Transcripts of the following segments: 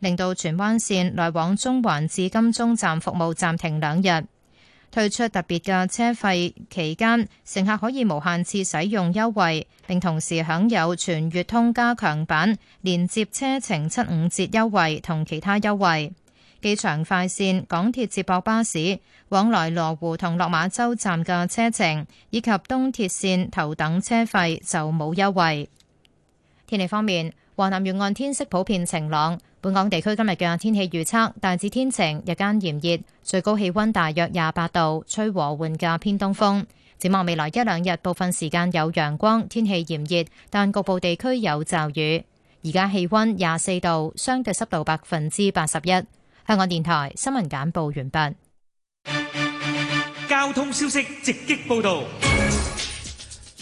令到荃灣綫來往中環至金鐘站服務暫停兩日，推出特別嘅車費期間，乘客可以無限次使用優惠，並同時享有全月通加強版、連接車程七五折優惠同其他優惠。機場快綫、港鐵接駁巴士往來羅湖同落馬洲站嘅車程，以及東鐵綫頭等車費就冇優惠。天氣方面。華南沿岸天色普遍晴朗，本港地區今日嘅天氣預測大致天晴，日間炎熱，最高氣溫大約廿八度，吹和緩嘅偏東風。展望未來一兩日，部分時間有陽光，天氣炎熱，但局部地區有驟雨。而家氣溫廿四度，相對濕度百分之八十一。香港電台新聞簡報完畢。交通消息直擊報道。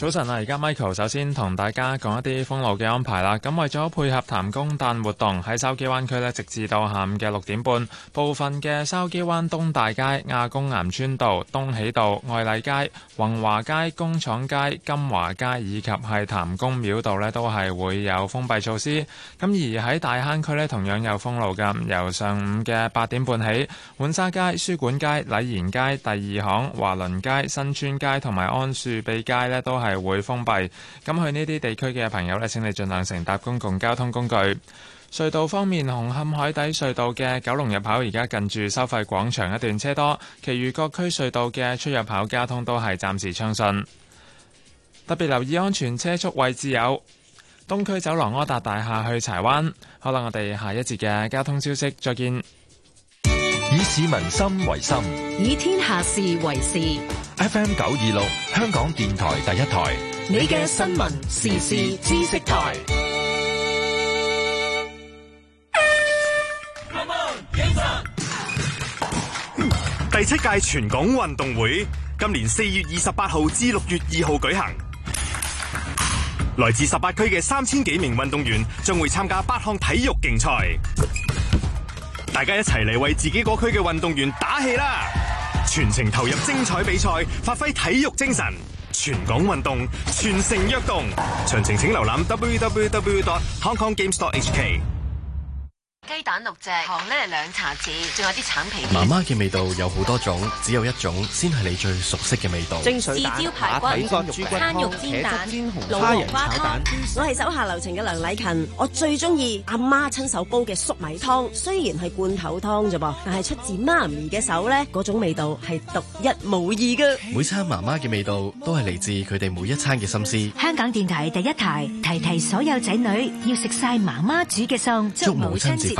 早晨啊！而家 Michael 首先同大家講一啲封路嘅安排啦。咁為咗配合譚公誕活動，喺筲箕灣區咧，直至到下午嘅六點半，部分嘅筲箕灣東大街、亞公岩村道、東喜道、愛麗街、宏華街、工廠街、金華街以及係譚公廟道咧，都係會有封閉措施。咁而喺大坑區咧，同樣有封路噶，由上午嘅八點半起，浣沙街、書館街、禮賢街、第二巷、華倫街、新村街同埋安樹庇街咧，都係。係會封閉，咁去呢啲地區嘅朋友呢，請你盡量乘搭公共交通工具。隧道方面，紅磡海底隧道嘅九龍入口而家近住收費廣場一段車多，其餘各區隧道嘅出入口交通都係暫時暢順。特別留意安全車速位置，有東區走廊柯達大廈去柴灣。好啦，我哋下一節嘅交通消息，再見。以市民心為心，以天下事為事。FM 九二六，香港電台第一台，你嘅新聞時事知識台。Come on，起身！第七屆全港運動會今年四月二十八號至六月二號舉行，來自十八區嘅三千幾名運動員將會參加八項體育競賽，大家一齊嚟為自己嗰區嘅運動員打氣啦！全程投入精彩比賽，發揮體育精神。全港運動，全城躍動。詳情請瀏覽 www.hongkonggamesstore.hk。雞蛋六隻，糖咧係兩茶匙，仲有啲橙皮。媽媽嘅味道有好多種，只有一種先係你最熟悉嘅味道。蒸水蛋、馬蹄骨、豬骨湯、肉煎蛋、老黃瓜湯。我係手下留情嘅梁禮勤，我最中意阿媽親手煲嘅粟米湯，雖然係罐頭湯啫噃，但係出自媽咪嘅手咧，嗰種味道係獨一無二嘅。每餐媽媽嘅味道都係嚟自佢哋每一餐嘅心思。香港電台第一台提提所有仔女要食晒媽媽煮嘅餸，祝母親節。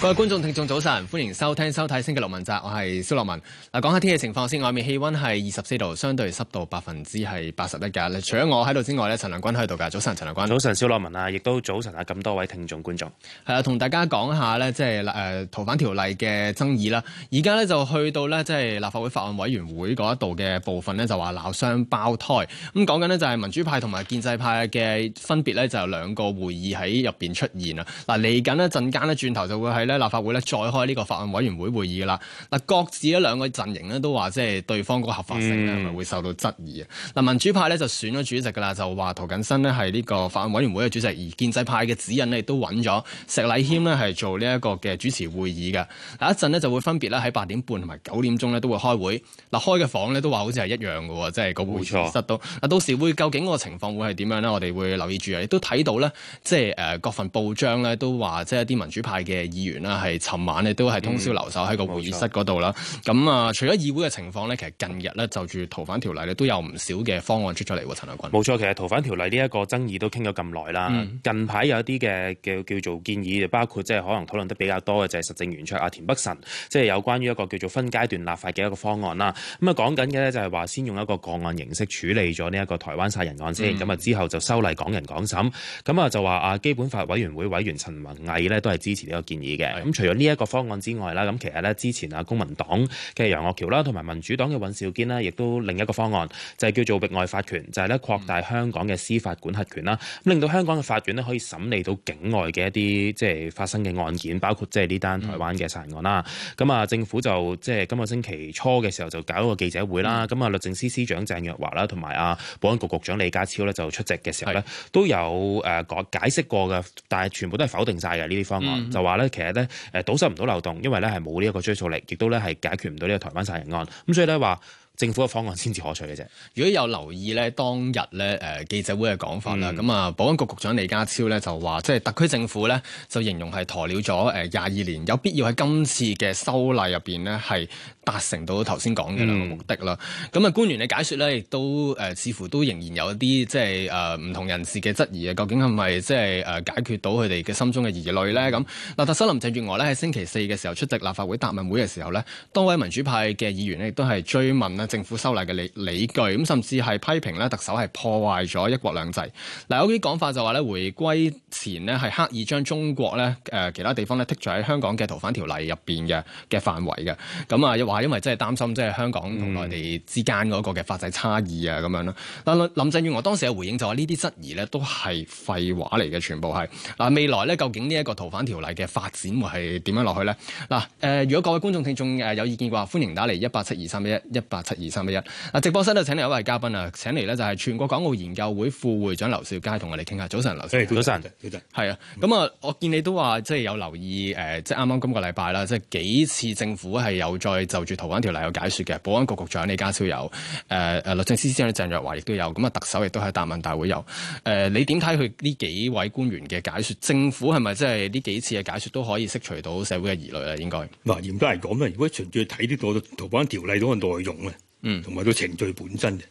各位觀眾、聽眾早晨，歡迎收聽、收睇《星期六問責》，我係蕭洛汶。嗱，講下天氣情況先。外面氣溫係二十四度，相對濕度百分之係八十一噶。除咗我喺度之外咧，陳亮均喺度噶。早晨，陳亮均。早晨，蕭洛汶啊，亦都早晨啊，咁多位聽眾觀眾。係啊，同大家講下咧，即係誒逃犯條例嘅爭議啦。而家咧就去到咧，即係立法會法案委員會嗰一度嘅部分咧，就話鬧雙胞胎。咁講緊呢，就係民主派同埋建制派嘅分別咧，就有兩個會議喺入邊出現啊。嗱，嚟緊呢，陣間咧，轉頭就會喺。立法會咧再開呢個法案委員會會議啦，嗱，各自咧兩個陣營都話即係對方個合法性會受到質疑啊。嗱，民主派咧就選咗主席噶啦，就話涂謹申咧係呢個法案委員會嘅主席，而建制派嘅指引亦都揾咗石禮謙咧係做呢一個嘅主持會議嘅。下一陣呢，就會分別咧喺八點半同埋九點鐘都會開會。嗱，開嘅房咧都話好似係一樣嘅，即係個會室都。到時會究竟個情況會係點樣呢？我哋會留意住啊。亦都睇到呢，即係誒各份報章呢，都話即係一啲民主派嘅議員啦，係尋晚咧都係通宵留守喺個會議室嗰度啦。咁啊，除咗議會嘅情況呢，其實近日呢就住逃犯條例咧都有唔少嘅方案出咗嚟喎，陳亮均。冇錯，其實逃犯條例呢一、這個爭議都傾咗咁耐啦。近排有一啲嘅叫叫做建議，包括即係可能討論得比較多嘅就係、是、實政圓桌啊田北辰，即係有關於一個叫做分階段立法嘅一個方案啦。咁啊講緊嘅呢，就係話先用一個個案形式處理咗呢一個台灣殺人案先，咁、嗯、啊之後就修例港人港審。咁啊就話啊基本法委員會委員陳弘毅呢都係支持呢個建議嘅。咁除咗呢一個方案之外啦，咁其實咧之前啊公民黨嘅楊岳橋啦，同埋民主黨嘅尹兆堅呢，亦都另一個方案就係、是、叫做域外法權，就係、是、咧擴大香港嘅司法管轄權啦，咁令到香港嘅法院呢，可以審理到境外嘅一啲即係發生嘅案件，包括即係呢單台灣嘅殺人案啦。咁啊政府就即係今個星期初嘅時候就搞一個記者會啦，咁啊律政司司長鄭若驊啦，同埋啊保安局局長李家超咧就出席嘅時候咧，都有誒解釋過嘅，但係全部都係否定晒嘅呢啲方案，是就話咧其實。咧堵塞唔到漏洞，因為咧係冇呢一個追訴力，亦都咧係解決唔到呢個台灣殺人案，咁所以咧話。政府嘅方案先至可取嘅啫。如果有留意咧，當日咧誒記者會嘅講法啦，咁、嗯、啊，保安局局長李家超咧就話，即係特區政府咧就形容係鴕鳥咗誒廿二年，有必要喺今次嘅修例入邊咧係達成到頭先講嘅兩個目的啦。咁、嗯、啊，那麼官員嘅解說咧亦都誒似乎都仍然有一啲即係誒唔同人士嘅質疑啊，究竟係咪即係誒解決到佢哋嘅心中嘅疑慮咧？咁嗱，特首林鄭月娥咧喺星期四嘅時候出席立法會答問會嘅時候咧，多位民主派嘅議員咧亦都係追問啦。政府修例嘅理理據，咁甚至係批評咧特首係破壞咗一國兩制。嗱有啲講法就話咧，回歸前咧係刻意將中國咧誒、呃、其他地方咧剔除喺香港嘅逃犯條例入邊嘅嘅範圍嘅。咁啊話因為真係擔心即係香港同內地之間嗰個嘅法制差異啊咁樣啦。嗱林鄭月娥當時嘅回應就話呢啲質疑咧都係廢話嚟嘅，全部係嗱未來咧究竟呢一個逃犯條例嘅發展會係點樣落去咧？嗱誒、呃，如果各位觀眾聽眾誒有意見嘅話，歡迎打嚟一八七二三一一一八七。二三一一，嗱直播室咧請嚟一位嘉賓啊！請嚟咧就係全國港澳研究會副會長劉兆佳同我哋傾下。早晨，劉兆佳，早晨，係啊！咁啊、嗯，我見你都話即係有留意誒，即係啱啱今個禮拜啦，即、就、係、是、幾次政府係有再就住逃犯條例有解説嘅，保安局局長李家超有，誒、呃、誒律政司司長鄭若驊亦都有，咁啊特首亦都喺答問大會有。誒、呃，你點睇佢呢幾位官員嘅解説？政府係咪即係呢幾次嘅解説都可以釋除到社會嘅疑慮啊？應該嗱，嚴都係咁啊！如果隨住睇呢個逃犯條例嗰個內容啊～嗯，同埋到程序本身嘅，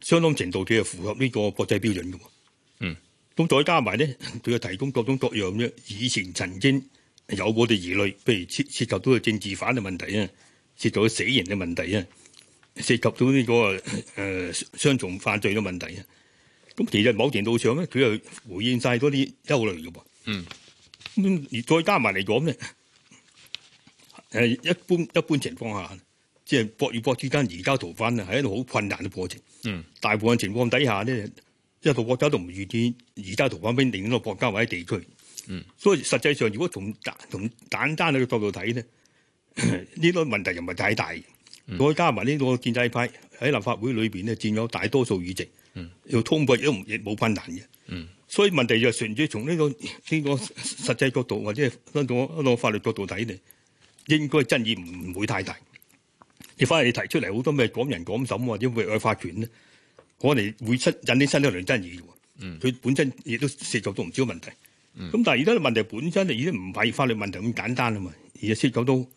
相當程度佢係符合呢個國際標準嘅。嗯，咁再加埋咧，佢又提供各種各樣嘅以前曾經有過啲疑慮，譬如涉涉及到嘅政治犯嘅問題啊，涉及到死刑嘅問題啊，涉及到呢、這個誒呃、雙重犯罪嘅問題啊。咁其實某程度上咧，佢又回應晒嗰啲憂慮嘅噃。嗯。咁而再加埋嚟講咧，誒，一般一般情況下。即係國與國之間移交逃犯啊，係一個好困難嘅過程。嗯，大部分情況底下咧，一個國家都唔願意移交逃犯俾另一個國家或者地區。嗯，所以實際上如果從從簡單嘅角度睇咧，呢、嗯、個問題又唔係太大。再、嗯、加埋呢個建制派喺立法會裏邊咧佔有大多數議席，嗯，要通過亦唔亦冇困難嘅。嗯，所以問題就純粹從呢、這個呢、這個實際角度或者係嗰嗰個法律角度睇咧，應該爭議唔唔會太大。你反而提出嚟好多咩港人港審或者域外法權咧？可能會引起啲新嘅爭議喎。佢、嗯、本身亦都涉及到唔少問題。咁、嗯、但係而家嘅問題本身就已經唔係法律問題咁簡單啦嘛，而係涉及到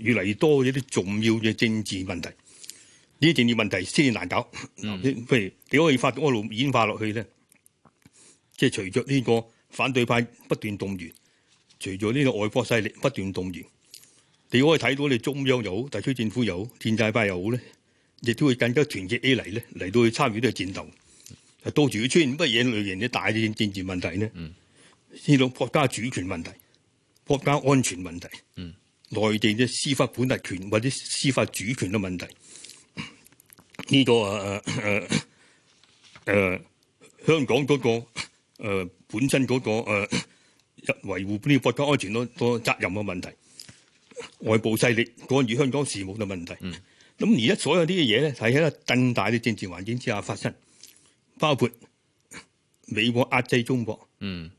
越嚟越多一啲重要嘅政治問題。呢啲政治問題先至難搞。譬、嗯、如你可以發展路演化落去咧，即係隨著呢個反對派不斷動員，隨著呢個外國勢力不斷動員。你可以睇到，你中央又好，特區政府又好，建制派又好咧，亦都會更加團結起嚟咧，嚟到去參與呢個戰鬥，到時出現乜嘢類型嘅大政政治問題咧，呢、嗯、知道國家主權問題、國家安全問題，嗯、內地嘅司法管轄權或者司法主權嘅問題，呢、這個啊啊啊，誒、呃呃、香港嗰、那個、呃、本身嗰、那個誒、呃、維護呢國家安全嗰個責任嘅問題。外部勢力干預香港事務嘅問題，嗯，咁而家所有呢啲嘢咧，喺個更大嘅政治環境之下發生，包括美國壓制中國，嗯，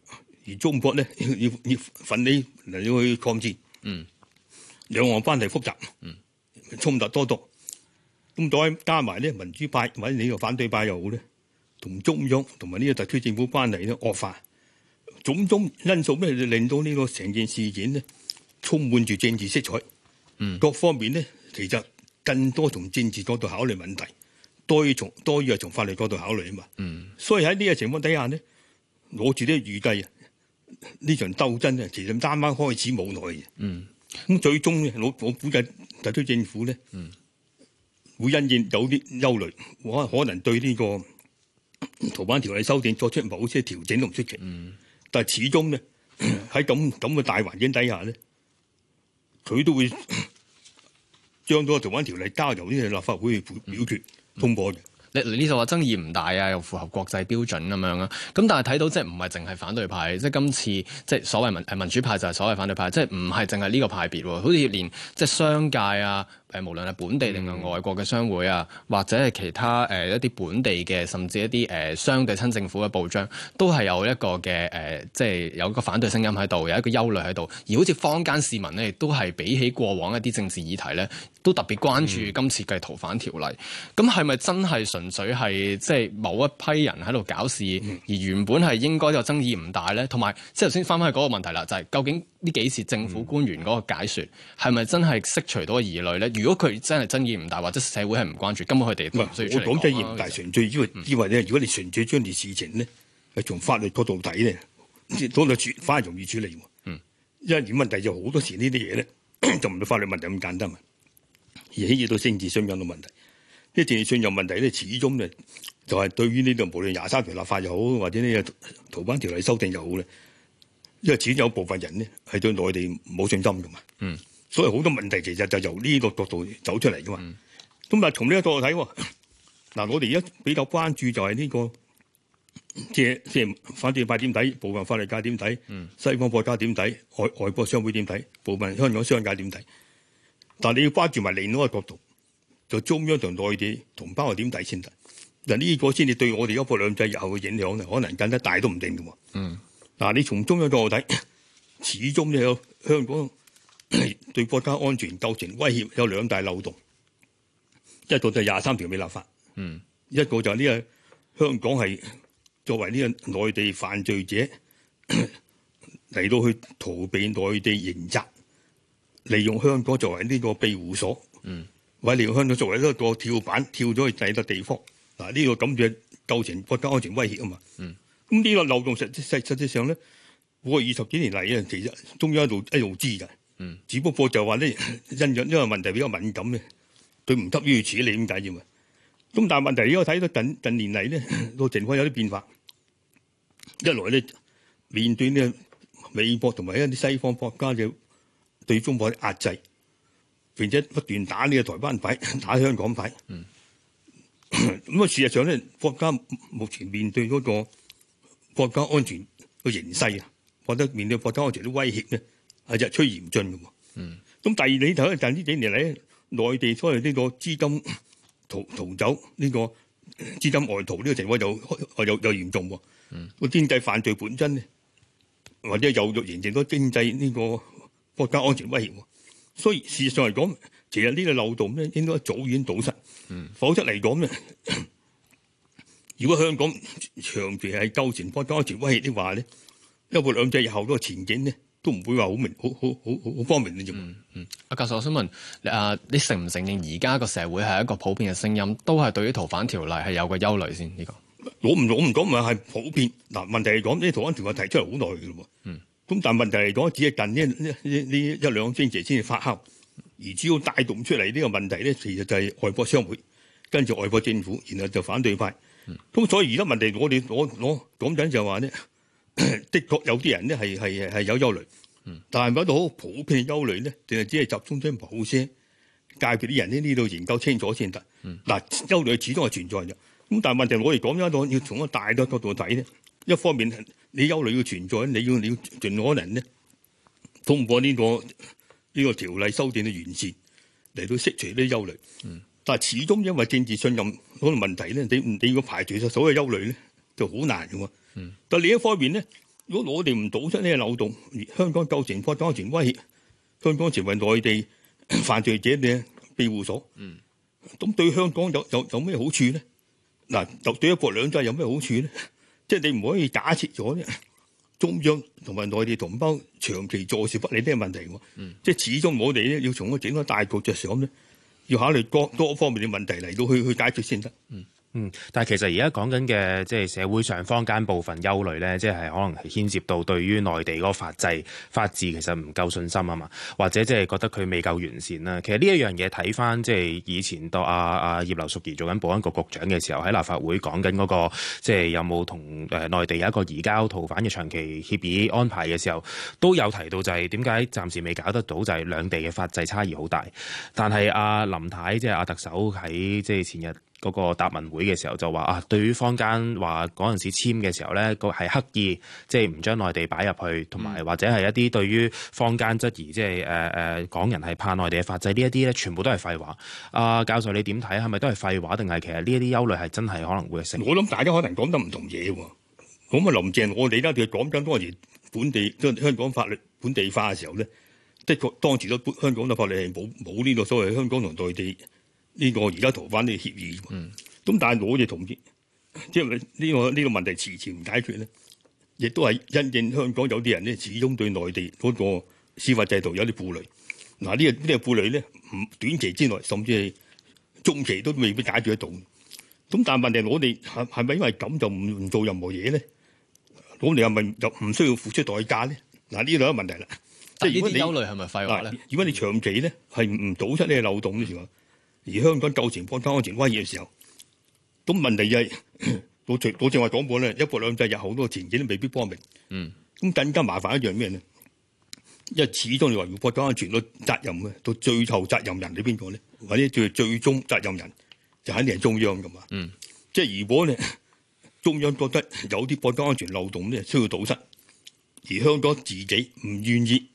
而中國咧要要奮起嚟要去抗戰，嗯，兩岸關係複雜，嗯，衝突多多，咁再加埋咧民主派或者你個反對派又好咧，同中央同埋呢個特區政府關係咧惡化，種種因素咧令到呢個成件事件咧，充滿住政治色彩，嗯，各方面咧，其實更多從政治角度考慮問題，多於從多於係從法律角度考慮啊嘛，嗯，所以喺呢個情況底下咧，我自己嘅預計啊，呢場鬥爭啊，其實啱啱開始冇耐嘅，嗯，咁最終咧，我我估計特區政府咧，嗯，會因應有啲憂慮，我可能對呢個《逃犯條例》修訂作出某些調整都唔出奇，嗯，但係始終咧喺咁咁嘅大環境底下咧。佢都會 將到嘅《逃犯條例》交由呢個立法會去表決通過嘅、嗯嗯。你你話爭議唔大呀，又符合國際標準咁樣啊。咁但係睇到即係唔係淨係反對派，即係今次即係所謂民，民主派就係所謂反對派，即係唔係淨係呢個派別，喎，好似連即係商界呀、啊。誒無論係本地定係外國嘅商會啊、嗯，或者係其他誒一啲本地嘅，甚至一啲誒相對親政府嘅報章，都係有一個嘅誒，即、呃、係、就是、有一個反對聲音喺度，有一個憂慮喺度。而好似坊間市民呢，亦都係比起過往的一啲政治議題呢，都特別關注今次嘅逃犯條例。咁係咪真係純粹係即係某一批人喺度搞事、嗯，而原本係應該就爭議唔大呢？同埋即係頭先翻翻去嗰個問題啦，就係、是、究竟呢幾次政府官員嗰個解説係咪真係釋除到個疑慮呢？如果佢真係爭議唔大，或者社會係唔關注，根本佢哋都唔需要。我講真，意義唔大，純粹因為因為你如果你純粹將啲事情咧，係、嗯、從法律角度睇咧，都到處反而容易處理。嗯，因為問題就好多時呢啲嘢咧，就唔係法律問題咁簡單啊。而起至到政治信任嘅問題，啲政治信任問題咧，始終咧就係對於呢度無論廿三條立法又好，或者呢逃犯條例修訂又好咧，因為始終有部分人咧係對內地冇信心嘅嘛。嗯。所以好多問題其實就由呢個角度走出嚟嘅嘛。咁、嗯、但係從呢個角度睇、啊，嗱我哋而家比較關注就係呢、呢個，即係即係反對派點睇，部分法律界點睇、嗯，西方國家點睇，外外國商會點睇，部分香港商界點睇。但係你要關注埋另外一個角度，就中央同內地同胞係點睇先得。嗱呢個先至對我哋一國兩制以後嘅影響咧，可能更加大都唔定嘅喎。嗱、嗯、你從中央角度睇，始終你喺香港。 對國家安全構成威脅有兩大漏洞，一個就係廿三條未立法，嗯，一個就係呢個香港係作為呢個內地犯罪者嚟到去逃避內地刑責，利用香港作為呢個庇護所，嗯，或者利用香港作為一個跳板跳咗去第個地方嗱，呢個咁就係構成國家安全威脅啊嘛，嗯，咁呢個漏洞實實實際上咧，我二十幾年嚟啊，其實中央一度一度知噶。嗯、只不過就話咧，因因呢個問題比較敏感咧，佢唔及於此理，你點解啫嘛？咁但係問題，我睇到近近年嚟咧，個情況有啲變化。一來咧，面對呢個美國同埋一啲西方國家嘅對中國嘅壓制，並且不斷打呢個台灣牌，打香港牌。咁啊，事實上咧，國家目前面對嗰個國家安全嘅形勢，或者面對國家安全啲威脅咧。係日趨嚴峻嘅，嗯，咁第二你睇，但係呢幾年嚟，內地所謂呢個資金逃逃走，呢個資金外逃呢個情況又又又嚴重，嗯，個經濟犯罪本身或者又形成咗經濟呢個國家安全威脅，所以事實上嚟講，其實呢個漏洞咧應該早已經堵塞，否則嚟講咧，如果香港長期係構成國家安全威脅的話咧，一國兩制以後嗰個前景咧。都唔會話好明，好好好好好方便咧，咋。嗯阿，嗯、教授，我想問，誒，啊，你承唔承認而家個社會係一個普遍嘅聲音，都係對於逃犯條例係有個憂慮先？呢，呢個我唔，我唔講咪係普遍。嗱，問題係講呢逃犯條例提出嚟好耐嘅咯喎嗯。咁但係問題係講，只係近呢呢一兩星期先至發酵，而只要帶動出嚟呢個問題咧，其實就係外國商會，跟住外國政府，然後就反對派。咁，嗯、所以而家問題，我哋我我講緊就係話咧。的確有啲人咧係係係有憂慮、嗯，但係咪到好普遍嘅憂慮咧，淨係只係集中喺某些界別啲人咧呢度研究清楚先得。嗱，憂慮始終係存在嘅，咁但係問題講我哋講一個要從個大角度睇咧，一方面你憂慮要存在，你要你要盡可能咧，通過呢、這個呢、這個條例修訂嘅完善嚟到釋除呢啲憂慮。但係始終因為政治信任可能問題咧，你你要排除晒所有憂慮咧就好難嘅嗯、但另一方面咧，如果我哋唔堵塞呢個漏洞，而香港舊情況、前情況威脅，香港成為內地犯罪者嘅庇護所，咁、嗯、對香港有有有咩好處咧？嗱、啊，就對一國兩制有咩好處咧？即係你唔可以假設咗咧，中央同埋內地同胞長期坐視不理呢個問題。嗯、即係始終我哋咧要從個整個大局着想咧，要考慮多多方面嘅問題嚟到去去解決先得。嗯嗯，但係其實而家講緊嘅即係社會上坊間部分憂慮咧，即係可能係牽涉到對於內地嗰個法制法治其實唔夠信心啊嘛，或者即係覺得佢未夠完善啦。其實呢一樣嘢睇翻即係以前當阿阿葉劉淑儀做緊保安局局長嘅時候，喺立法會講緊嗰個即係有冇同誒內地有一個移交逃犯嘅長期協議安排嘅時候，都有提到就係點解暫時未搞得到就係兩地嘅法制差異好大。但係阿林太即係阿特首喺即係前日，嗰，那個答問會嘅時候就話啊，對於坊間話嗰陣時簽嘅時候咧，個係刻意即係唔將內地擺入去，同埋或者係一啲對於坊間質疑，即係誒誒港人係怕內地嘅法制呢一啲咧，全部都係廢話。阿、啊、教授你點睇？係咪都係廢話？定係其實呢一啲憂慮係真係可能會成？我諗大家可能講得唔同嘢喎。咁啊，林鄭我哋咧，佢講緊當時本地即係香港法律本地化嘅時候咧，的確當時都香港嘅法律係冇冇呢個所謂香港同內地。呢個而家逃犯呢個協議，咁但係我哋同意即係呢個呢個問題遲遲唔解決咧，亦都係因應香港有啲人咧，始終對內地嗰個司法制度有啲顧慮。嗱呢個呢個顧慮咧，唔短期之內甚至係中期都未必解決得到。咁但係問題我哋係係咪因為咁就唔唔做任何嘢咧？我哋係咪就唔需要付出代價咧？嗱呢兩個問題啦。即係呢啲憂慮係咪廢話咧？如果你長期咧係唔堵塞呢個漏洞嘅時候，而香港舊前國家安全威嚴嘅時候，咁問題就係，到最，正話講過咧，一國兩制有好多前景都未必光明。嗯，咁更加麻煩一樣咩咧？因為始終你話要國家安全嘅責任啊，到最後責任人係邊個咧？或者最最終責任人就肯定係中央噶嘛？嗯，即係如果咧，中央覺得有啲國家安全漏洞咧，需要堵塞，而香港自己唔願意，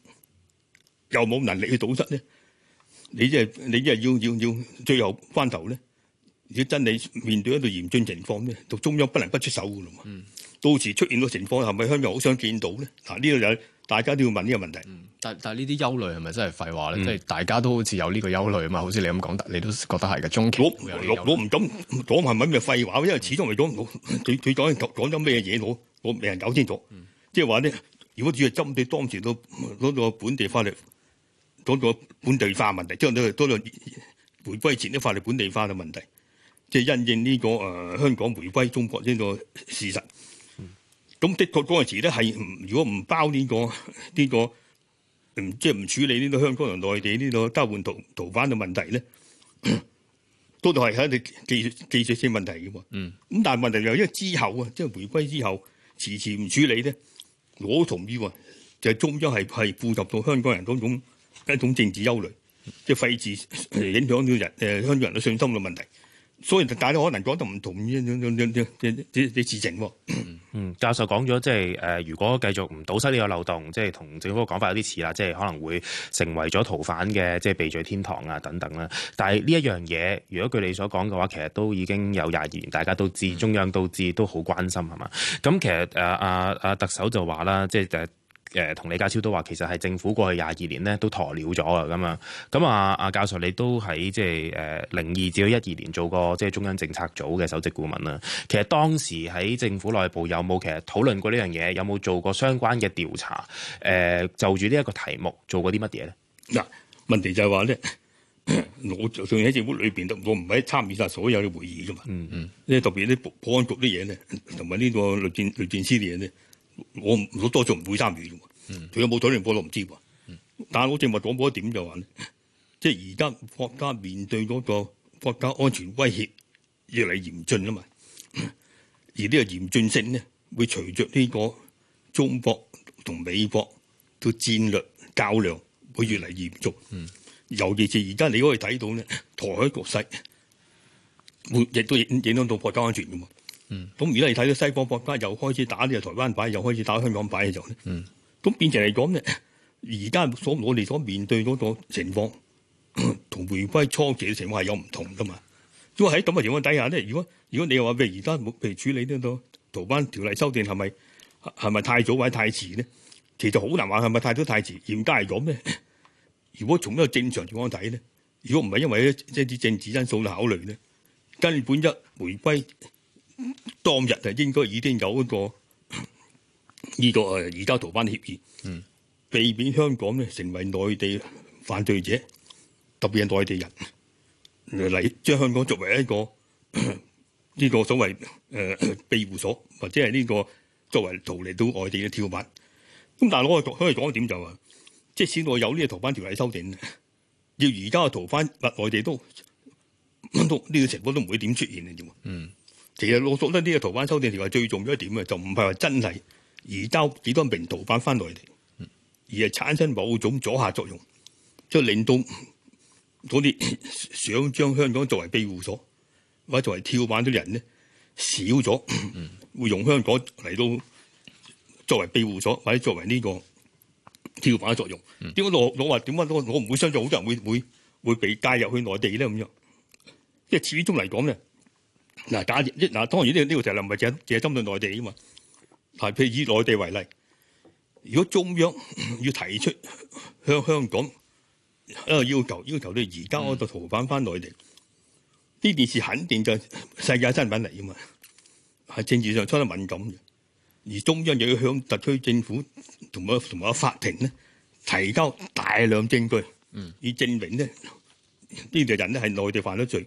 又冇能力去堵塞咧。你即、就、係、是、你即係要要要最後關頭咧？如果真你面對一個嚴峻情況咧，就中央不能不出手噶嘛、嗯。到時出現個情況係咪香港好想見到咧？嗱，呢個又大家都要問呢個問題。嗯、但但係呢啲憂慮係咪真係廢話咧、嗯？即係大家都好似有呢個憂慮啊嘛。好似你咁講得，你都覺得係嘅。中我唔敢講係咪係咩廢話，因為始終係講唔到，佢佢講講咗咩嘢我我，我未人搞清楚。即係話咧，如果只係針對當時到嗰個本地法律。嗰、那個本地化問題，即係都係多兩回歸前啲法律本地化嘅問題，即係因應呢、這個誒、呃、香港回歸中國呢個事實。咁的確嗰陣時咧係，如果唔包呢個呢個，唔、這個、即係唔處理呢個香港同內地呢個交換逃逃犯嘅問題咧，都係喺啲技術性問題嘅喎。咁、嗯、但係問題就是、因為之後啊，即係回歸之後遲遲唔處理咧，我同意喎，就係、是、中央係係顧及到香港人嗰種。一種政治憂慮，即係費事影響到人，誒香港人嘅信心嘅問題。所以大家可能講得唔同，嘅指證喎。嗯，教授講咗，即係誒，如果繼續唔堵塞呢個漏洞，即係同政府講法有啲似啦，即係可能會成為咗逃犯嘅即係避罪天堂啊等等啦。但係呢一樣嘢，如果據你所講嘅話，其實都已經有廿二年，大家都知，中央都知，都好關心係嘛？咁其實誒誒誒特首就話啦，即係誒。誒同李家超都話，其實係政府過去廿二年咧都鴕鳥咗啊，咁啊，咁啊，阿教授你都喺即係誒零二至到一二年做過即係中央政策組嘅首席顧問啦。其實當時喺政府內部有冇其實討論過呢樣嘢，有冇做過相關嘅調查？誒、呃、就住呢一個題目做過啲乜嘢咧？嗱、啊，問題就係話咧，我就算喺政府裏邊，我唔係參與晒所有嘅會議噶嘛。嗯嗯，呢特別啲保安局啲嘢咧，同埋呢個律政律政司啲嘢咧。我多數，唔會參與啫。嗯，佢有冇討論過，我唔知。但係我正話講嗰一點就話咧，即係而家國家面對嗰個國家安全威脅越嚟嚴峻啦嘛。而呢個嚴峻性咧，會隨着呢個中國同美國嘅戰略較量會越嚟越嚴重。嗯，尤其是而家你可以睇到咧，台海局勢會亦都影響到國家安全噶嘛。嗯，咁而家你睇到西方國家又開始打呢個台灣牌，又開始打香港牌嘅時候咧，嗯，咁變成嚟講咧，而家所我哋所面對嗰個情況同回歸初期嘅情況係有唔同噶嘛。所以喺咁嘅情況底下咧，如果如果你話譬如而家譬如處理呢個《台灣條例修是是》修訂係咪係咪太早或者太遲咧？其實好難話係咪太早太遲，嚴格嚟講咩？如果從一個正常情況睇咧，如果唔係因為一啲政治因素去考慮咧，根本一回歸。當日啊，應該已經有一個呢個誒，而家逃犯協議，避免香港咧成為內地犯罪者，特別係內地人嚟將香港作為一個呢、這個所謂誒、呃、庇護所，或者係呢、這個作為逃離到外地嘅跳板。咁但係我哋可以講一點就話、是，即使我有呢個逃犯條例修訂，要而家嘅逃犯或外地都呢、這個情況都唔會點出現嘅啫。嗯其實老實講呢個逃犯修訂條例最重要的一點啊，就唔係話真係移交幾多名逃犯翻內地，而係產生某種阻嚇作用，即係令到嗰啲想將香港作為庇護所或者作為跳板啲人咧少咗，會用香港嚟到作為庇護所或者作為呢個跳板嘅作用。點解我我話點解我我唔會相信好多人會會會俾介入去內地咧咁樣？即係始終嚟講咧。嗱，打住！嗱，當然呢個呢個條例唔係淨係淨係針對內地啊嘛。譬如以內地為例，如果中央要提出向香港一個要求，要求咧而家嗰個逃犯返內地，呢、嗯、件事肯定就世界新聞嚟啊嘛。喺政治上出得敏感嘅，而中央又要向特區政府同埋同埋法庭咧提交大量證據，嗯，以證明咧呢啲人咧係內地犯咗罪。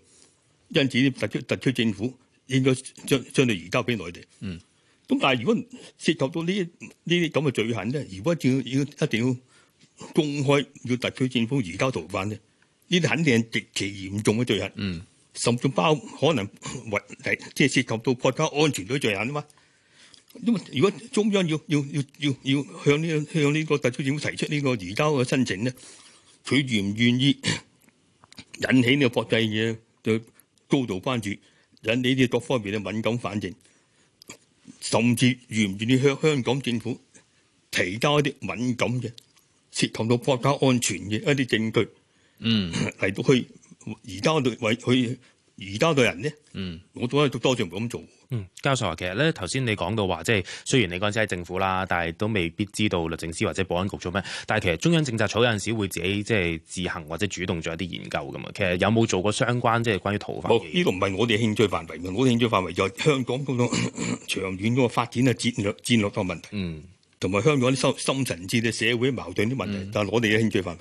因此啲特區特區政府應該將將佢移交俾內地。嗯。咁但係如果涉及到呢呢啲咁嘅罪行咧，如果要要一定要公開要特區政府移交逃犯咧，呢啲肯定係極其嚴重嘅罪行。嗯。甚至包括可能為即係涉及到國家安全嘅罪行啊嘛。因為如果中央要要要要要向呢向呢個特區政府提出呢個移交嘅申請咧，佢願唔願意引起呢個國際嘢就高度關注引你啲各方面嘅敏感反應，甚至願唔願意向香港政府提交一啲敏感嘅、涉及到國家安全嘅一啲證據，嗯，嚟到去而家度去。為去而家對人咧，嗯，我覺得都多謝唔咁做。嗯，教授話其實咧，頭先你講到話，即係雖然你講先係政府啦，但係都未必知道律政司或者保安局做咩。但係其實中央政策組有陣時會自己即係自行或者主動做一啲研究噶嘛。其實有冇做過相關即係關於逃犯？呢個唔係我哋嘅興趣範圍。我興趣範圍就係香港咁個長遠嗰個發展嘅戰略，戰略個問題，嗯，同埋香港啲深深層次嘅社會矛盾啲問題，但係我哋嘅興趣範圍。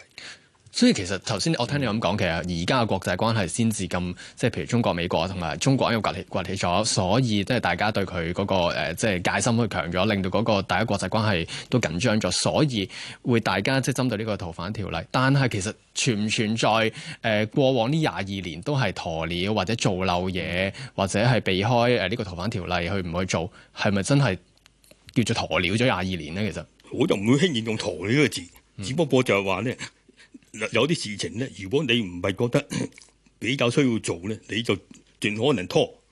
所以其實頭先我聽你咁講，其實而家嘅國際關係先至咁，即係譬如中國美國同埋中國喺度崛起崛起咗，所以即係大家對佢嗰個即係戒心去強咗，令到嗰個第一國際關係都緊張咗，所以會大家即係針對呢個逃犯條例。但係其實存唔存在誒過往呢廿二年都係鴕鳥或者做漏嘢，或者係避開誒呢個逃犯條例去唔去做，係咪真係叫做鴕鳥咗廿二年呢？其實我就唔會輕易用鴕呢個字，嗯，只不過就係話咧。有啲事情呢，如果你唔係覺得比較需要做呢，你就盡可能拖，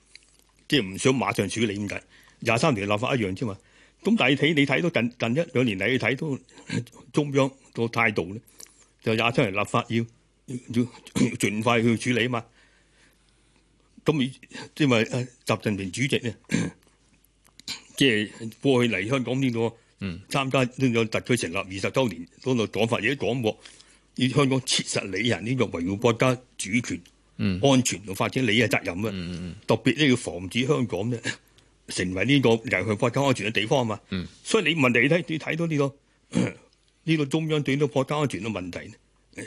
即係唔想馬上處理咁解。廿三條立法一樣啫嘛，咁但係睇你睇到近近一兩年嚟你睇到中央個態度呢，就廿三條立法要要盡快去處理嘛。咁即係話習近平主席呢，即、嗯、係、就是、過去嚟香港呢個參加呢個特區成立二十週年嗰個講法，而家講過。要香港切實履行呢個維護國家主權、嗯、安全同發展利益嘅責任啊、嗯嗯嗯！特別咧要防止香港咧成為呢個危害國家安全嘅地方啊嘛、嗯！所以你問題你睇，你睇到呢個呢、這個中央對呢個國家安全嘅問題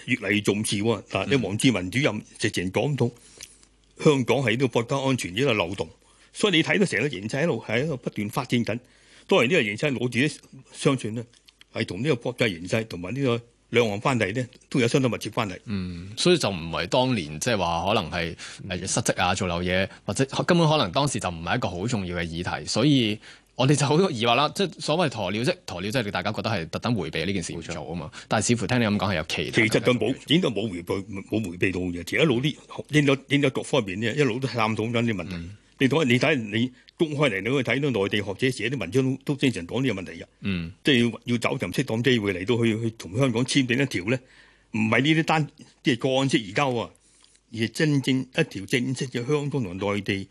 越嚟越重視。嗱，你王志民主任直情講到、嗯、香港係呢個國家安全呢個漏洞，所以你睇到成個形勢喺度喺度不斷發展緊，當然呢個形勢我自己相信咧，係同呢個國際形勢同埋呢個。兩岸翻嚟咧，都有相當密切關係。嗯，所以就唔係當年即係話可能係失職啊，做漏嘢，或者根本可能當時就唔係一個好重要嘅議題。所以我哋就好疑惑啦，即係所謂鴕鳥，鳥即鴕鳥，即係你大家覺得係特登回避呢件事唔做啊嘛。但係似乎聽你咁講係有歧。其實都冇，應該冇回避，冇迴避到嘅。其實一路啲，應該應該各方面呢，一路都探討緊啲問題。嗯、你睇你睇你。公開嚟，你可以睇到內地學者寫啲文章都都正常講呢個問題嘅。嗯，即係要要找尋適當機會嚟到去去同香港簽訂一條咧，唔係呢啲單即係個案式移交喎，而係真正一條正式嘅香港同內地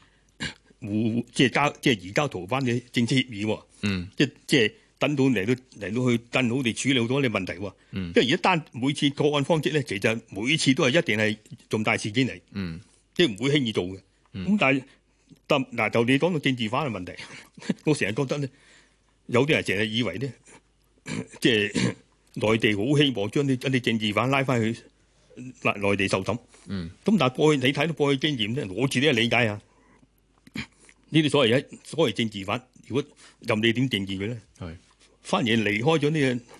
互即係交即係移交逃犯嘅政策協議喎。嗯，即即係等到嚟到嚟到去更好地處理到多啲問題喎。嗯，因為而家單每次個案方式咧，其實每次都係一定係重大事件嚟。嗯，即係唔會輕易做嘅。咁、嗯、但係。得嗱，就你講到政治犯嘅問題，我成日覺得咧，有啲人成日以為咧，即係內地好希望將啲啲政治犯拉翻去內內地受審。嗯，咁但係過去你睇到過去經驗咧，我自己理解啊，呢啲所謂所謂政治犯，如果任你點定義佢咧，係反而離開咗呢個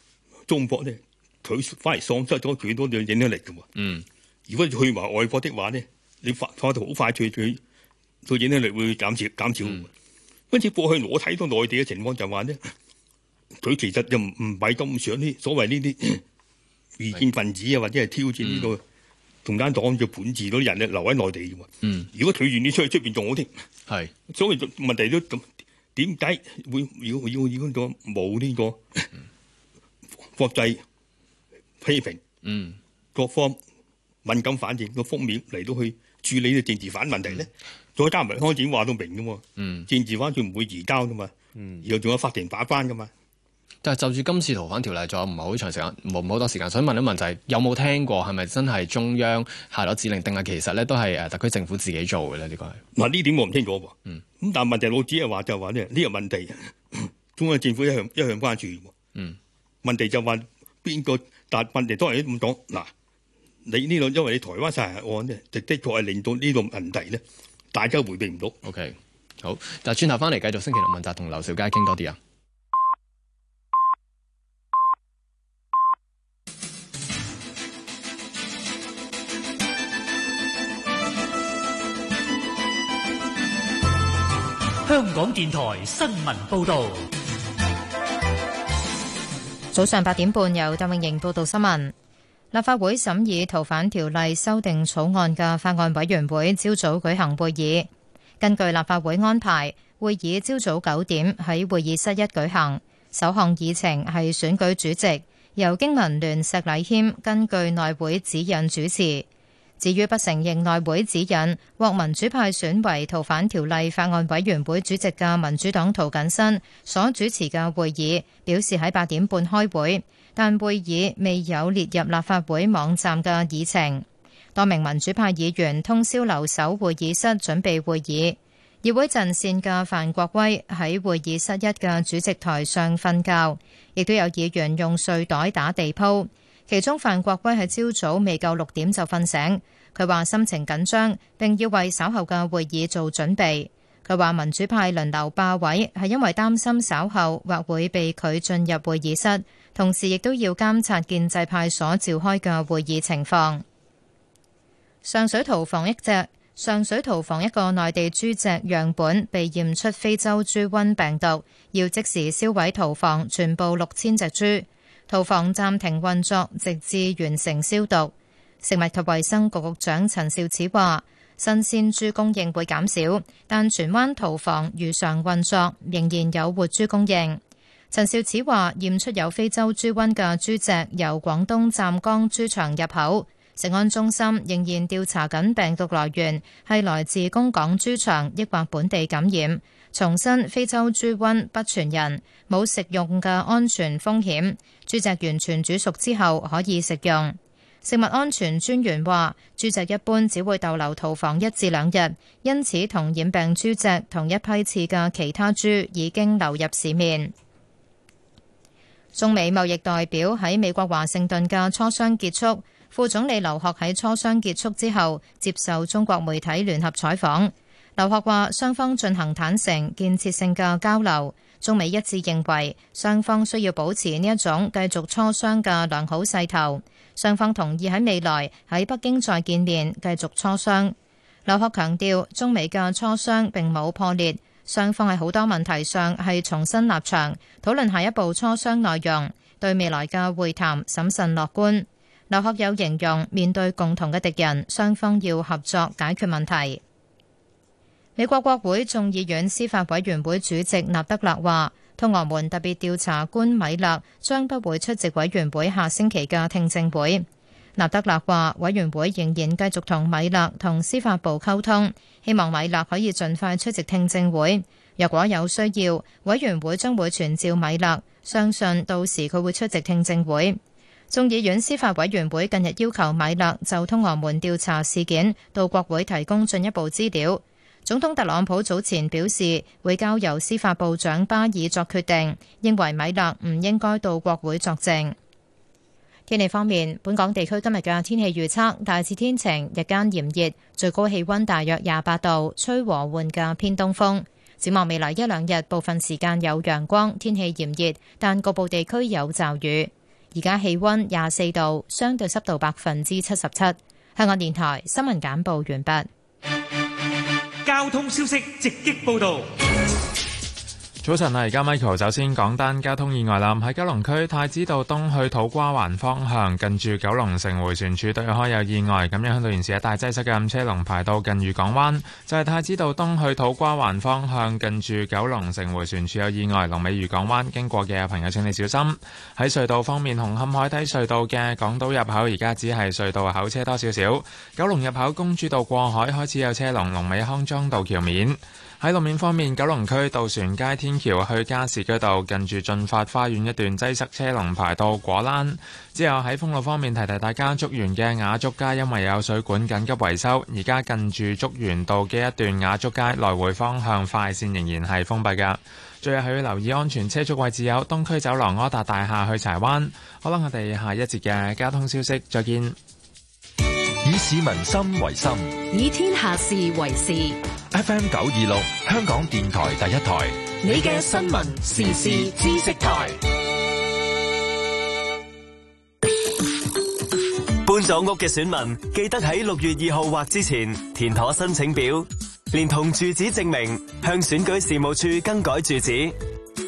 中國咧，佢反而喪失咗佢多啲影響力嘅喎。嗯，如果去埋外國的話咧，你發發到好快脆脆。所以呢，力會減少減少。跟住過去我睇到內地嘅情況就話咧，佢其實就唔唔係咁想啲所謂呢啲異見分子啊，或者係挑戰呢個共產黨嘅本質嗰啲人咧，留喺內地嘅。嗯，如果佢願意出去出邊仲好添。係所以問題都點點解會如果要要呢個冇呢個國際批評，嗯，各方敏感反應嘅負面嚟到去處理呢個政治反問題咧？咗交咪，開展話都明噶喎。嗯，政治反正唔會移交噶嘛。嗯，然後仲有法庭把關噶嘛。但係就算今次《逃犯條例》仲有唔係好長時間，冇好多時間。想問一問、就係，就係有冇聽過係咪真係中央下咗指令，定係其實咧都係誒特區政府自己做嘅咧？呢個係嗱呢點我唔清楚喎。嗯，咁但係問題，老子係話就話咧呢個問題，中央政府一向一向關注。嗯，問題就話邊個？但係問題當，當然都唔講嗱。你呢度因為你台灣殺人案咧，的的確係令到呢個問題咧。大家迴避唔到。OK，好，就轉頭返嚟繼續星期六問責同劉兆佳傾多啲啊！香港電台新聞報導，早上八點半由鄧永盈報道新聞。立法會審議逃犯條例修訂草案嘅法案委員會朝早舉行會議。根據立法會安排，會議朝早九點喺會議室一舉行。首項議程係選舉主席，由經民聯石禮謙根據內會指引主持。至於不承認內會指引，獲民主派選為逃犯條例法案委員會主席嘅民主黨涂謹申所主持嘅會議，表示喺八點半開會。但會議未有列入立法會網站嘅議程。多名民主派議員通宵留守會議室，準備會議。議會陣線嘅范國威喺會議室一嘅主席台上瞓覺，亦都有議員用睡袋打地鋪。其中范國威喺朝早未夠六點就瞓醒，佢話心情緊張，並要為稍後嘅會議做準備。佢話民主派輪流霸位係因為擔心稍後或會被拒進入會議室，同時亦都要監察建制派所召開嘅會議情況。上水屠房一隻，上水屠房一個內地豬隻樣本被驗出非洲豬瘟病毒，要即時燒毀屠房全部六千隻豬，屠房暫停運作直至完成消毒。食物及衛生局局長陳肇始話。新鮮豬供應會減少，但荃灣屠房如常運作，仍然有活豬供應。陳肇始話：驗出有非洲豬瘟嘅豬隻由廣東湛江豬場入口，食安中心仍然調查緊病毒來源，係來自公港豬場抑或本地感染。重申非洲豬瘟不傳人，冇食用嘅安全風險，豬隻完全煮熟之後可以食用。食物安全專員話，豬隻一般只會逗留屠房一至兩日，因此同染病豬隻同一批次嘅其他豬已經流入市面。中美貿易代表喺美國華盛頓嘅磋商結束，副總理劉鶴喺磋商結束之後接受中國媒體聯合採訪。劉鶴話，雙方進行坦誠、建設性嘅交流，中美一致認為雙方需要保持呢一種繼續磋商嘅良好勢頭。雙方同意喺未來喺北京再見面，繼續磋商。劉鶴強調，中美嘅磋商並冇破裂，雙方喺好多問題上係重新立場，討論下一步磋商內容，對未來嘅會談審慎樂觀。劉鶴又形容，面對共同嘅敵人，雙方要合作解決問題。美國國會眾議院司法委員會主席納德勒話，通俄門特別調查官米勒將不會出席委員會下星期嘅聽證會。納德勒話：委員會仍然繼續同米勒同司法部溝通，希望米勒可以盡快出席聽證會。若果有需要，委員會將會傳召米勒，相信到時佢會出席聽證會。眾議院司法委員會近日要求米勒就通俄門調查事件到國會提供進一步資料。總統特朗普早前表示會交由司法部長巴爾作決定，認為米勒唔應該到國會作證。天氣方面，本港地區今日嘅天氣預測大致天晴，日間炎熱，最高氣温大約廿八度，吹和緩嘅偏東風。展望未來一兩日，部分時間有陽光，天氣炎熱，但局部地區有驟雨。而家氣温廿四度，相對濕度百分之七十七。香港電台新聞簡報完畢。交通消息直擊報道。早晨啊，而家 Michael 首先講單交通意外啦。喺九龍區太子道東去土瓜灣方向，近住九龍城回旋處對開有意外，咁樣響到現時大擠塞嘅，車龍排到近愉港灣。就係、係、太子道東去土瓜灣方向，近住九龍城回旋處有意外，龍尾愉港灣經過嘅朋友，請你小心。喺隧道方面，紅磡海底隧道嘅港島入口而家只係隧道口車多少少，九龍入口公主道過海開始有車龍，龍尾康莊道橋面。喺路面方面，九龍區渡船街天橋去加士居道近住駿發花園一段擠塞，車龍排到果欄。之後喺封路方面，提提大家，竹園嘅雅竹街因為有水管緊急維修，而家近住竹園道嘅一段雅竹街來回方向快綫仍然係封閉嘅。最後係要留意安全車速位置有東區走廊柯達大廈去柴灣。好啦，我哋下一節嘅交通消息，再見。以市民心為心，以天下事為事。FM 九二六，香港電台第一台，你嘅新聞時事知識台。搬咗屋嘅選民，記得喺六月二號或之前填妥申請表，連同住址證明向選舉事務處更改住址。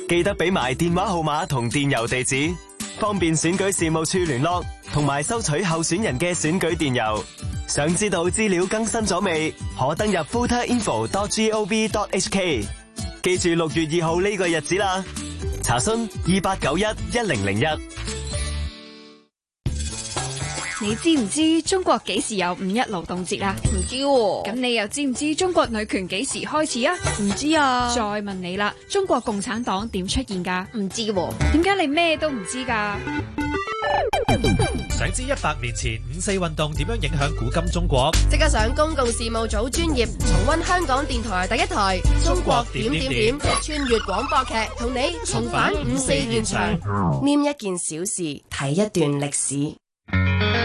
記得俾埋電話號碼同電郵地址。方便選舉事務處聯絡，同埋收取候選人嘅選舉電郵。想知道資料更新咗未？可登入 voterinfo.gov.hk。記住六月二號呢個日子啦。查詢二八九一一零零一。你知唔知中國幾時有五一勞動節啊？唔知，咁你又知唔知中國女權幾時開始啊？唔知啊！再問你啦，中國共產黨點出現噶？唔知。點解你咩都唔知噶？想知一百年前五四運動點樣影響古今中國？即刻上公共事務組專業，重溫香港電台第一台《中國點點點》穿越廣播劇，同你重返五四現場，拈一件小事，睇一段歷史。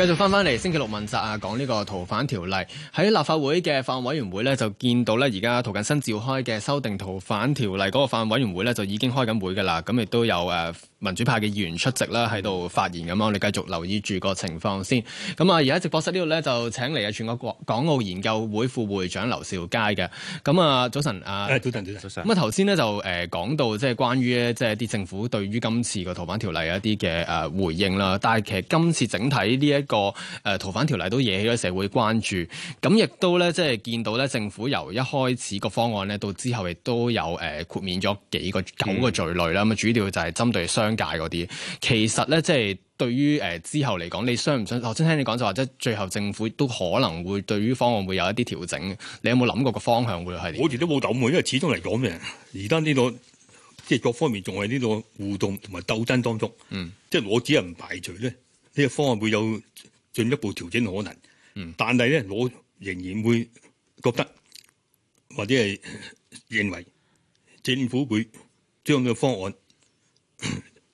繼續翻返嚟星期六問責啊，講呢個逃犯條例喺立法會嘅法案委員會咧，就見到咧而家逃近新召開嘅修訂逃犯條例嗰個法案委員會咧，就已經開緊會㗎喇，咁亦都有誒、啊。民主派嘅議員出席啦，喺度發言咁啊，我哋繼續留意住個情況先。咁啊，而家直播室呢度咧，就請嚟啊，全國港港澳研究會副會長劉兆佳嘅。咁啊，早晨啊，早晨早晨。咁啊，頭先咧就誒講到即係關於咧，即係啲政府對於今次個逃犯條例一啲嘅誒回應啦。但係其實今次整體呢一個誒逃犯條例都惹起咗社會關注。咁亦都咧，即係見到咧，政府由一開始個方案咧，到之後亦都有誒豁免咗幾個九個罪類啦。咁、嗯、啊，主要就係針對商界啲，其實咧，即係對於誒之後嚟講，你想唔想？頭先聽你講就話，即係最後政府都可能會對於方案會有一啲調整。你有冇諗過個方向會係？我哋都冇諗過，因為始終嚟講嘅？而家呢個即係各方面仲係呢個互動同埋鬥爭當中。嗯，即係我只係唔排除咧，呢個方案會有進一步調整可能。嗯，但係咧，我仍然會覺得或者係認為政府會將個方案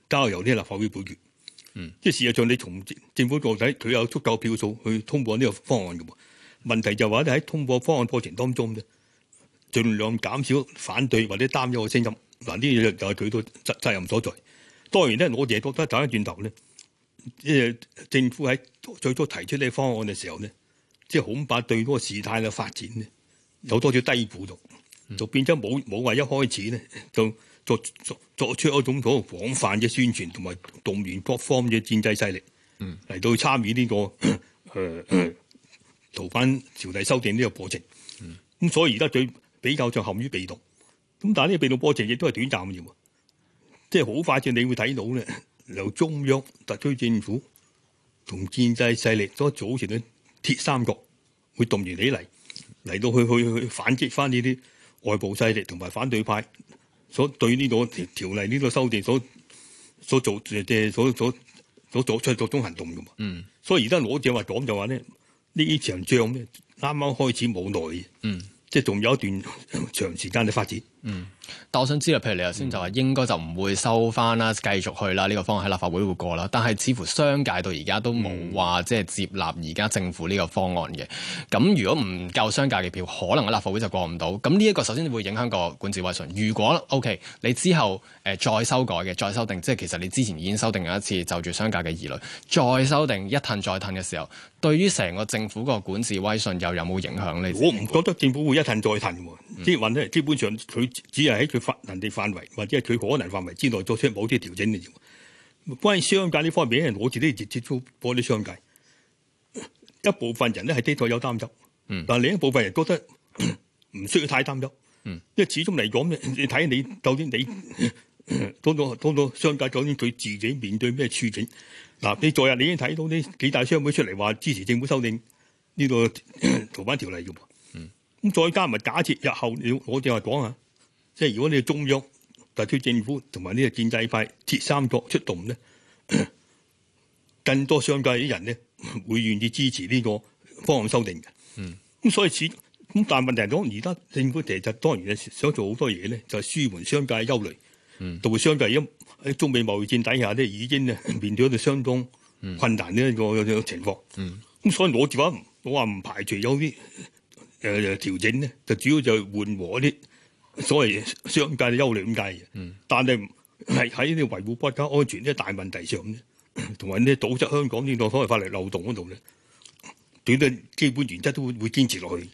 交由呢立法會判決，即、嗯、係事實上你從政府角度睇，佢有足夠票數去通過呢個方案嘅噃。問題就話你喺通過的方案過程當中咧，儘量減少反對或者擔憂嘅聲音，嗱，呢嘢就係佢個責責任所在。當然咧，我亦覺得走一轉頭咧，即係政府喺最初提出呢個方案嘅時候咧，即係恐怕對嗰個事態嘅發展咧有多少低估度，就變咗冇冇話一開始咧就。作作出一種嗰個廣泛嘅宣傳，同埋動員各方嘅戰際勢力嚟、嗯、到參與呢、呢個誒、嗯、 逃犯條例修訂呢個過程。咁、嗯、所以而家最比較就陷於被動。咁但係呢個被動過程亦都係短暫嘅，即係好快，就是、快你會睇到咧，由中央特區政府同戰際勢力所組成嘅鐵三角會動員起嚟嚟到去去去反擊翻呢啲外部勢力同埋反對派。所以對呢個條例呢、呢個修訂所所做即係所所所，所，所做出各種行動嘅嘛、嗯，所以而家攞住話講就話咧，呢場仗咧啱啱開始冇耐，嗯、即係仲有一段長時間嘅發展。嗯，但我想知啦，譬如你頭先就話應該就唔會收翻啦，繼續去啦呢個方案喺立法會會過啦。但係似乎商界到而家都冇話即係接納而家政府呢個方案嘅。咁如果唔夠商界嘅票，可能喺立法會就過唔到。咁呢一個首先會影響個管治威信。如果 OK，你之後誒、呃、再修改嘅，再修訂，即係其實你之前已經修訂咗一次，就住商界嘅疑慮再修訂一褪再褪嘅時候，對於成個政府個管治威信又有冇影響呢？我唔覺得政府會一褪再褪喎，即係話咧，基本上佢。只係喺佢法能嘅範圍，或者係佢可能範圍之內作出某啲調整嘅啫。關於商界呢方面，我自己直接都播啲商界，一部分人咧係的確有擔憂，但另一部分人覺得唔需要太擔憂，因為始終嚟講，你睇你究竟你當到當到商界，究竟佢自己面對咩處境？嗱，你昨日你已經睇到，呢幾大商會出嚟話支持政府修訂呢個逃犯條例嘅，嗯，咁再加埋假設日後，我正話講下。即係如果你係中央、特區政府同埋呢個建制派鐵三角出動咧，更多商界啲人咧會願意支持呢個方案修訂嘅。嗯，咁所以此咁，但係問題係講而家政府其實當然想做好多嘢咧，就係、是、舒緩商界的憂慮。嗯，就會商界因喺中美貿易戰底下咧已經啊面對到相當困難呢一個情況。嗯，咁、嗯、所以我話唔我話唔排除有啲誒調整咧，就主要就係緩和啲。所謂商界嘅優劣咁解嘅，但係係喺呢啲維護國家安全呢個大問題上咧，同埋呢堵塞香港呢個所謂法律漏洞嗰度咧，啲基本原則都會會堅持落去。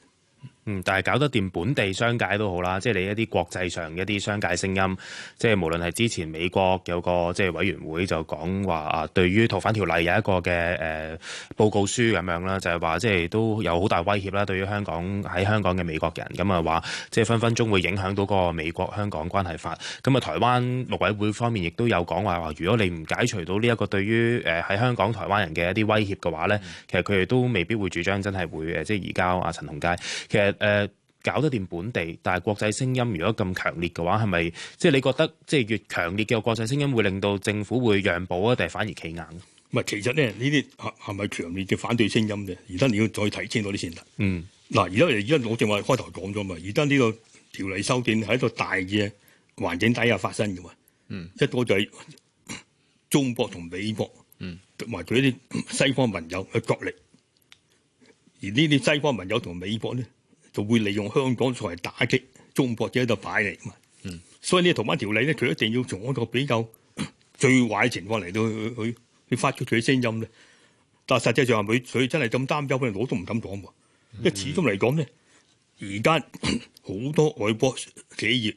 嗯，但係搞得掂本地商界都好啦，即係你一啲國際上嘅一啲商界聲音，即係無論係之前美國有個即係委員會就講話啊，對於逃犯條例有一個嘅誒、呃、報告書咁樣啦，就係、是、話即係都有好大威脅啦，對於香港喺香港嘅美國人，咁啊話即係分分鐘會影響到嗰個美國香港關係法。咁啊，台灣陸委會方面亦都有講話話，如果你唔解除到呢一個對於喺香港台灣人嘅一啲威脅嘅話咧，其實佢哋都未必會主張真係會即係移交啊陳同佳。其實誒、呃，搞得掂本地，但係國際聲音如果咁強烈嘅話，係咪即係你覺得即係越強烈嘅國際聲音會令到政府會讓步啊，定係反而企硬？唔係，其實咧呢啲係係咪強烈嘅反對聲音啫？而家你要再睇清嗰啲先啦。嗯，嗱，而家而家我正話開頭講咗嘛，而家呢個條例修訂喺一個大嘅環境底下發生嘅嘛。嗯，一多就係中國同美國，嗯，同埋佢啲西方盟友去角力，而呢啲西方盟友同美國咧。就會利用香港作為打擊中國者喺度擺嚟嘛，所以呢條逃犯條例咧，佢一定要從一個比較最壞嘅情況嚟到去去發出佢嘅聲音咧。但實際上佢所以真係咁擔憂，我都唔敢講喎。因為始終嚟講咧，而家好多外國企業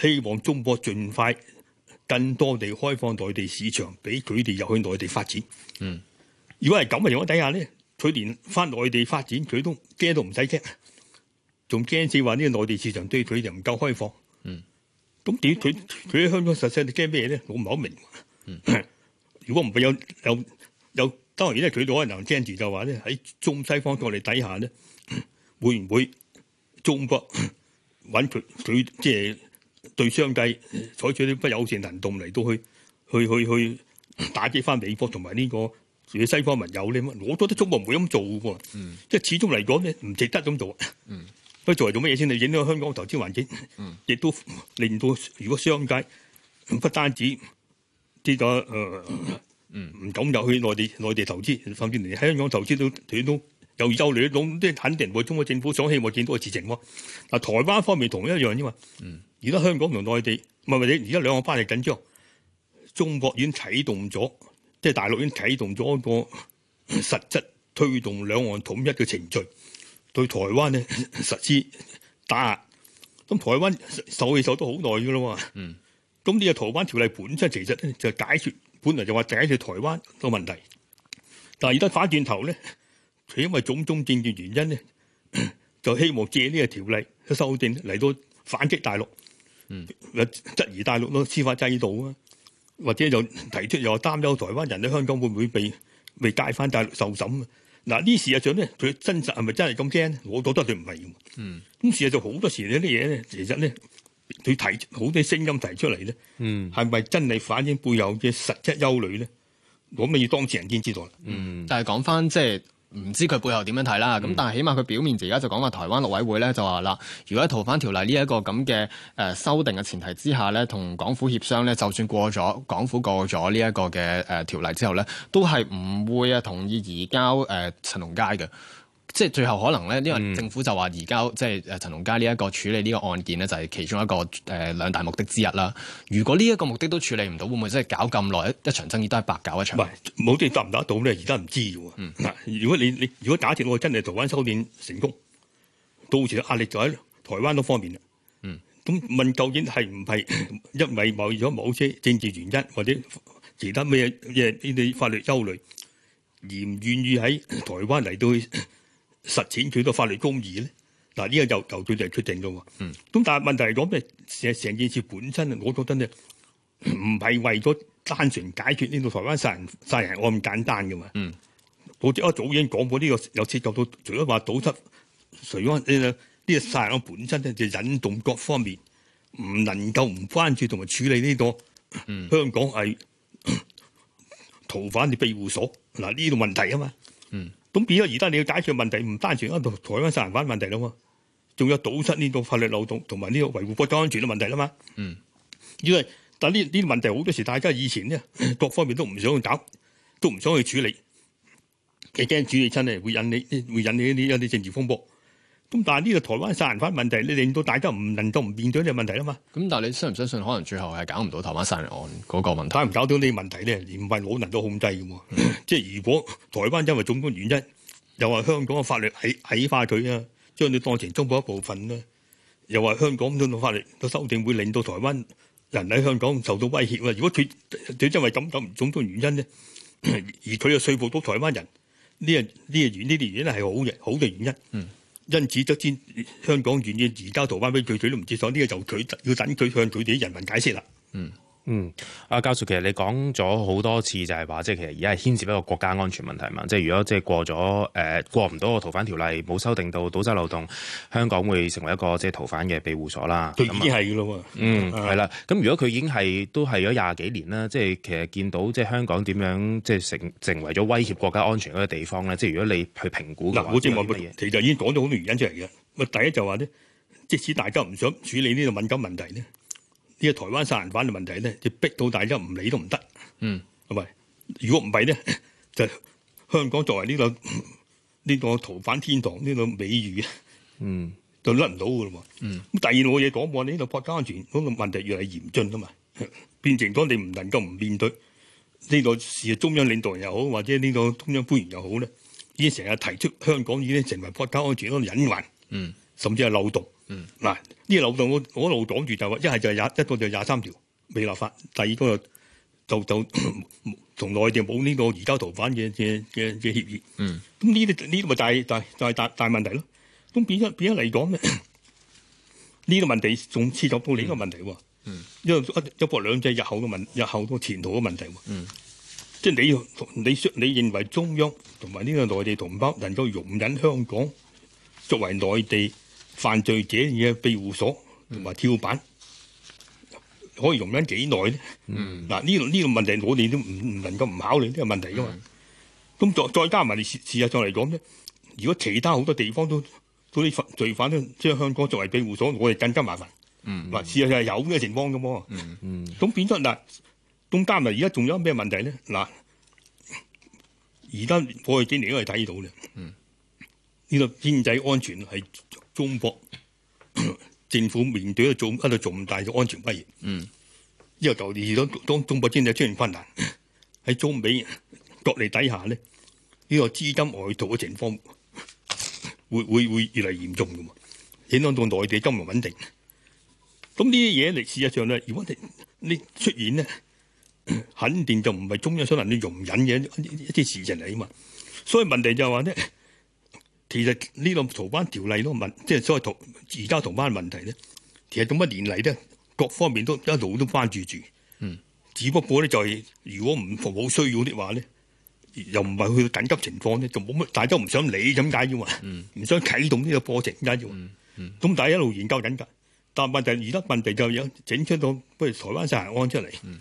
希望中國盡快更多地開放內地市場，俾佢哋入去內地發展。如果係咁嘅情況底下咧，佢連返內地發展佢都驚都唔使驚。仲驚住話呢個內地市場對佢就唔夠開放，咁點佢佢喺香港實際驚咩咧？我唔係好明，嗯。如果唔係有有有當然咧，佢都可能驚住就話咧，喺中西方角力底下咧，會唔會中國揾佢佢即係對商界採取啲不友善行動嚟到去去去去打擊翻美國同埋呢個西方盟友咧？我覺得中國唔會咁做喎，即、嗯、係始終嚟講咧，唔值得咁做。嗯都作為做乜嘢先？你影響香港投資環境，亦、嗯、都令到如果商界不單止啲、這個誒唔、呃、敢入去內地內地投資，甚至連香港投資都斷都有憂慮。咁即係肯定會，中國政府所希望見到嘅事情。嗱，台灣方面同一樣啫嘛。而家香港同內地唔係唔係，而家兩岸關係緊張，中國已經啟動咗，即、就、係、是、大陸已經啟動咗一個實質推動兩岸統一嘅程序。對台灣咧實施打壓，咁台灣守起守都好耐嘅咯喎。咁呢個台灣條例本身其實咧就解決本來就話解決台灣個問題，但係而家反轉頭咧，佢因為種種政治原因咧，就希望借呢個條例去修訂嚟到反擊大陸，質疑大陸咯司法制度啊，或者就提出又話擔憂台灣人喺香港會唔會被被帶翻大陸受審。嗱呢，事實上咧，佢真實係咪真係咁驚咧？我覺得佢唔係。嗯，咁事實上好多時這事呢啲嘢咧，其實咧，佢提好多聲音提出嚟咧，嗯，係咪真係反映背後嘅實質憂慮咧？咁咪要當事人先知道。嗯，嗯但係講翻即係。就是唔知佢背後點樣睇啦，咁但係起碼佢表面而家就講話台灣陸委會咧就話啦，如果喺逃犯條例呢一個咁嘅誒修訂嘅前提之下咧，同港府協商咧，就算過咗港府過咗呢一個嘅誒條例之後咧，都係唔會啊同意移交誒陳同佳嘅。即係最後可能咧，因為政府就話而家即係陳同佳呢一個處理呢個案件咧，就係其中一個誒、呃、兩大目的之一啦。如果呢一個目的都處理唔到，會唔會真係搞咁耐一場爭議都係白搞一場？唔係冇定答唔答得到咧，打打而家唔知喎。嗱、嗯，如果你你如果假設，我真係台灣修憲成功，到時壓力就喺台灣嗰方面嗯，咁問究竟係唔係因為某咗某些政治原因或者其他咩嘢、呢啲法律憂慮，而唔願意喺台灣嚟到實踐佢個法律公義咧，嗱呢個就由佢哋決定㗎。嗯，咁但係問題係講咩？成成件事本身，我覺得咧唔係為咗單純解決呢度台灣殺人殺人案咁簡單噶嘛。嗯，我哋一早已經講過呢、呢個有涉及到除，除咗話堵塞除咗呢啲殺人案本身咧，就引動各方面唔能夠唔關注同埋處理呢個香港係、嗯、 逃犯嘅庇護所嗱呢度問題啊嘛。嗯。咁變咗而家你要解決問題，唔單止一個台灣殺人犯問題啦嘛，仲有堵塞呢個法律漏洞同埋呢個維護國家安全嘅問題啦嘛。嗯，因為但呢啲問題好多時大家以前咧，各方面都唔想去搞，都唔想去處理，亦驚處理親咧會引起會引起一啲一啲政治風波。咁但係呢個台灣殺人犯問題，你令到大家唔能夠唔面對呢個問題啊嘛。咁但係你信唔相信，可能最後係搞唔到台灣殺人案嗰個問題。搞唔搞到呢啲問題咧？唔係我能夠控制嘅， 即係如果台灣因為種種原因，又話香港嘅法律矮矮化佢啊，將你當成中國一部分啦，又話香港種種法律都修訂會令到台灣人喺香港受到威脅啦。如果佢佢因為咁咁種種原因咧，而佢又說服到台灣人呢？呢個呢啲原因係好嘅好嘅原因。咳咳 因此則，則先香港願意而家逃翻返去，佢都唔知所。呢個就佢要等佢向佢哋人民解釋啦。嗯。嗯，阿、啊、教授，其實你講咗好多次就是，就係話即係其實而家係牽涉一個國家安全問題嘛。即係如果即係過咗誒、呃、過唔到個逃犯條例冇修訂到堵塞漏洞，香港會成為一個即係逃犯嘅庇護所啦。佢已經係噶啦。嗯，係啦。咁、嗯、如果佢已經係都係咗廿幾年啦，即係其實見到即係香港點樣即係成成為咗威脅國家安全嗰個地方咧。即係如果你去評估嘅話，我正話其實已經講咗好多原因出嚟嘅。第一就話咧，即使大家唔想處理呢個敏感問題咧。呢個台灣殺人犯嘅問題咧，就逼到大家唔理都唔得。嗯，係咪？如果唔係咧，就香港作為呢個呢個逃犯天堂呢個美譽啊，嗯，就甩唔到嘅啦嘛。嗯，咁第二我嘢講話，呢個國家安全嗰個問題越嚟嚴峻啊嘛，變成當你唔能夠唔面對呢個事啊。中央領導人又好，或者呢個中央官員又好咧，已經成日提出香港已經成為國家安全一個隱患，嗯，甚至係漏洞。嗯，嗱，呢個漏洞我我一路講住就話，一係就廿一個就廿三條未立法。第二個就是、就同內地冇呢個移交逃犯嘅嘅嘅嘅協議，嗯，咁呢啲呢啲咪大大大大、大問題咯，咁變咗變咗嚟講咧，呢、這個問題仲涉及到你一個問題喎、嗯嗯，因為一一國兩制日後嘅問日後嘅前途嘅問題喎，嗯，即係你你你認為中央同埋呢個內地同胞能夠容忍香港作為內地犯罪者嘅庇護所同埋跳板、嗯，可以用翻幾耐咧？嗱、嗯，呢、這個呢、這個問題我哋都唔唔能夠唔考慮，呢、這個問題噶嘛。咁、嗯、再再加埋，你事實上嚟講咧，如果其他好多地方都都啲罪犯咧將、就是、香港作為庇護所，我哋更加麻煩。嗱、嗯嗯，事實上係有呢個情況噶噃。咁變咗嗱，仲、嗯、加埋而家仲有咩問題咧？嗱，而家過去幾年都係睇到嘅，呢、嗯這個經濟安全係。中國政府面對一個重一個重大嘅安全威脅，嗯，因為舊年當當中國經濟出現困難，喺中美角力底下咧，呢個資金外逃嘅情況會會會越嚟越嚴重嘅嘛，影響到內地金融穩定。咁呢啲嘢歷史上咧，如果你你出現咧，肯定就唔係中央所能去容忍嘅一啲事情嚟啊嘛。所以問題就係話咧。其實呢個逃犯條例咯，問，即係所謂逃，而家逃犯嘅問題咧，其實咁多年嚟咧，各方面都一路都關注住。嗯，只不過咧就係、是、如果唔服務需要嘅話咧，又唔係去緊急情況咧，就冇乜，大家都唔想理，噉解嘅嘛？唔想啟動呢個過程，噉解嘅嘛？嗯，咁但係一路研究緊噶，但問題而家問題就有整出到，不如台灣殺人案出嚟，咁、嗯、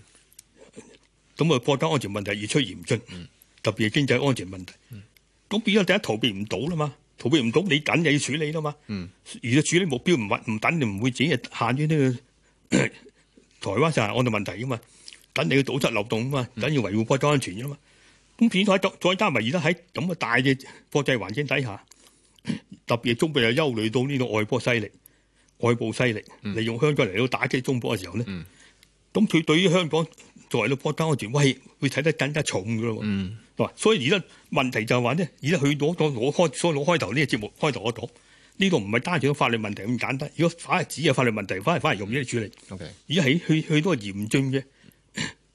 啊，國家安全問題越出嚴峻、嗯，特別經濟安全問題，咁、嗯、變咗第一逃避唔到啦嘛。逃避唔到，你緊就要處理啦嘛。如果處理目標唔穩唔等，你唔會淨係限於呢個台灣上岸問題噶嘛。緊你要堵塞漏洞啊嘛，緊要維護國家安全啫嘛。咁變態再再加埋而家喺咁嘅大嘅國際環境底下，特別係中國又憂慮到呢個外部勢力、外部勢力利用香港嚟到打擊中國嘅時候咧，咁佢對於香港。作為到波登，我哋喂，會睇得更加重噶咯喎。話、嗯，所以而家問題就係話咧，而家去到攞攞開，所以攞開頭呢個節目開頭我講，呢個唔係單止法律問題咁簡單。如果反係只係法律問題，反係反而容易處理。而、okay. 喺去去，去到嚴峻嘅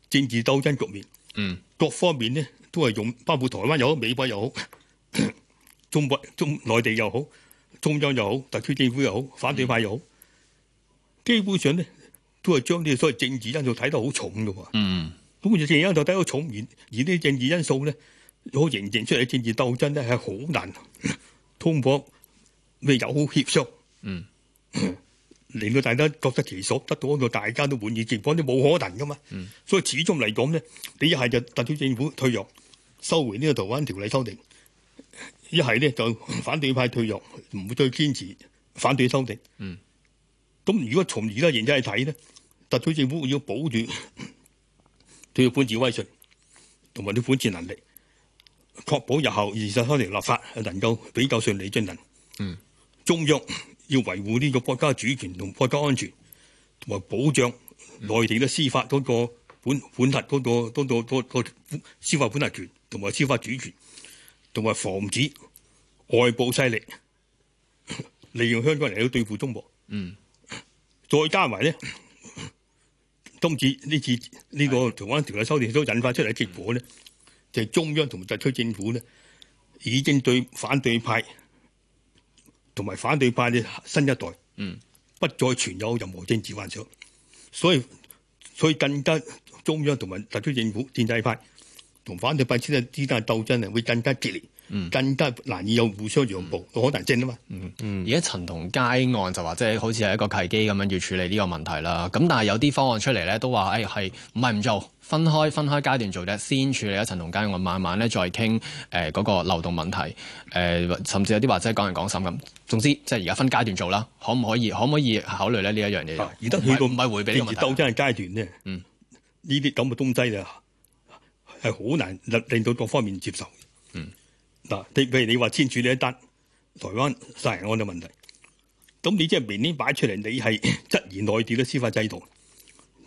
政治鬥爭局面、嗯，各方面咧都係用，包括台灣又好，美國又好，中國中內地又好，中央又好，特區政府又好，反對派又好、嗯，基本上咧。都係將啲所謂政治因素睇得好重嘅。嗯，咁政治因素睇得好重，而而啲政治因素咧，所形成出嚟嘅政治鬥爭咧，係 好難通過咩友好協商，嗯， 令到大家各得其所，得到個大家都滿意情況，情況都冇可能噶嘛。嗯，所以始終嚟講咧，你一係就特區政府退讓，收回這個呢個《台灣條例》修訂，一係咧就反對派退讓，唔會再堅持反對修訂，嗯，咁如果從而家形勢嚟睇咧？特區政府要保住佢嘅管治威信，同埋啲管治能力，確保日後二十三條立法能夠比較順利進行。嗯，中央要維護呢個國家主權同國家安全，同埋保障內地嘅司法嗰個管管轄嗰個嗰、嗰個嗰個、司法管轄權同埋司法主權，同埋防止外部勢力利用香港嚟到對付中國。嗯，再加埋咧。今次呢次呢個逃犯條例修訂所引發出嚟嘅結果咧，就係、是、中央同特區政府咧已經對反對派同埋反對派嘅新一代，嗯，不再存有任何政治幻想，所以所以更加中央同埋特區政府建制派同反對派之間之間嘅鬥爭啊，會更加激烈。更加難以有互相讓步，好難爭啊嘛！嗯嗯，而家陳同佳案就話即係好似係一個契機咁樣要處理呢個問題啦。咁但係有啲方案出嚟咧，都話誒係唔係唔做，分開分開階段做啫。先處理一陳同佳案，慢慢咧再傾誒嗰個流動問題、呃、甚至有啲話即係講嚟講深咁。總之即係而家分階段做啦，可唔可以可唔可以考慮咧呢一樣嘢？而得去到唔係回避，而鬥真係階段咧。嗯，呢啲咁嘅東西啊，係好難令到各方面接受。嗱，你譬如你話先處理一單台灣殺人案嘅問題，咁你即係明年擺出嚟，你係質疑內地嘅司法制度，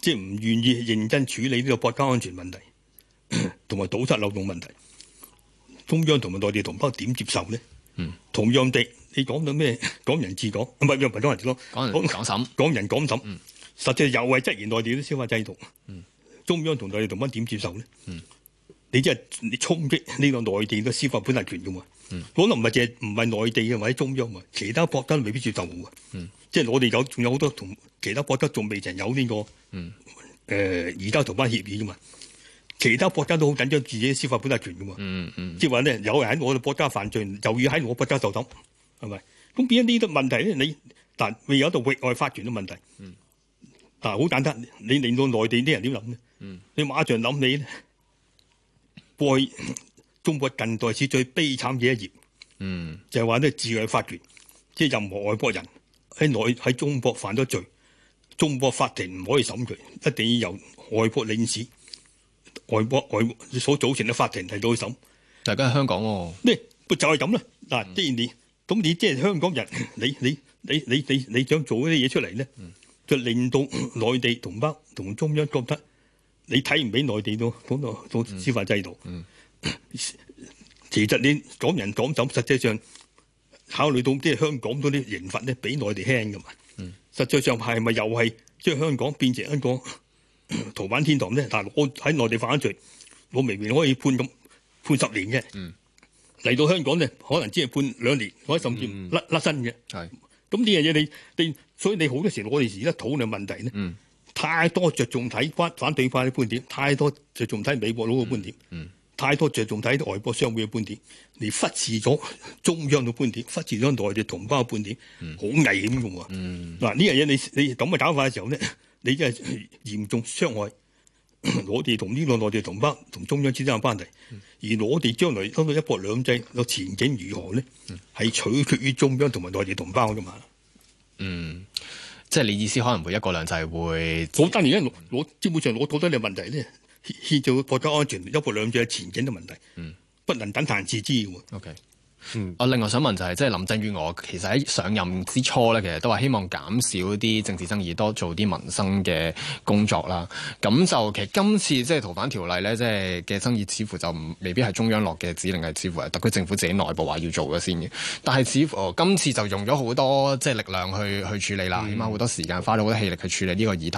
即係唔願意認真處理呢個國家安全問題同埋堵塞漏洞問題，中央同埋內地同胞點接受咧？嗯，同樣地，你講到咩港人治港，唔係唔係港人治港，港人港審、嗯、港人港審，實際又係質疑內地啲司法制度。嗯，中央同內地同胞點接受咧？嗯。你即係你衝擊呢個內地嘅司法管轄權嘅嘛、嗯？可能唔係淨係唔係內地嘅或者中央啊，其他國家未必接受啊。即係我哋有仲有好多同其他國家仲未曾有呢個誒移交逃犯協議嘅嘛。其他國家都好，嗯這個嗯呃、緊張自己嘅司法管轄權嘅嘛。即係話咧，有人喺我哋國家犯罪，就要喺我國家受審，係咪？咁變咗呢啲嘅問題咧？你但未有一度域外發權嘅問題。嗯、但係好簡單，你令到內地啲人點諗咧？你馬上諗你蓋中國近代史最悲慘嘅一頁，就係話呢治外法權，即係任何外國人喺內喺中國犯咗罪，中國法庭唔可以審佢，一定要由外國領事、外國外所組成嘅法庭嚟到去審。但係而家喺香港喎，咩？不就係咁啦。嗱，既然你咁，你即係香港人，你你你你你你想做嗰啲嘢出嚟咧，就令到內地同胞同中央覺得。你睇唔起內地多，嗰個嗰司法制度，其實你港人港走，實際上考慮到即係香港嗰啲刑罰咧，比內地輕噶嘛。實際上係咪又係將香港變成一個逃犯天堂咧？但係我喺內地犯罪，我明明可以判咁判十年嘅，嚟到香港咧可能只係判兩年，我甚至甩甩身嘅。咁呢樣嘢你你，所以你好多時我哋而家討論問題咧。太多着重睇反對派嘅觀點，太多着重睇美國佬嘅觀點、嗯嗯，太多着重睇外國商會嘅觀點，你忽視咗中央嘅觀點，忽視咗內地同胞嘅觀點，好、嗯、危險嘅喎！嗱，呢樣嘢你你咁嘅搞法嘅時候咧，你真係嚴重傷害我哋同呢個內地同胞同中央之間嘅關係。而我哋將來收到一國兩制個前景如何咧，係取決於中央同埋內地同胞嘅嘛。嗯。即係你意思可能一個會一國兩制會，我單原因攞基本上攞到底嘅問題咧，牽涉國家安全一國兩制嘅前景嘅問題，嗯，不能等閒置之。OK。嗯，我另外想問就係，即係林鄭月娥其實喺上任之初呢，其實都話希望減少啲政治爭議，多做啲民生嘅工作啦。咁就其實今次即係逃犯條例呢，即係嘅爭議似乎就未必係中央落嘅指令，係似乎係特區政府自己內部話要做嘅先嘅。但係似乎今次就用咗好多即力量去去處理啦、嗯，起碼好多時間花咗好多氣力去處理呢個議題。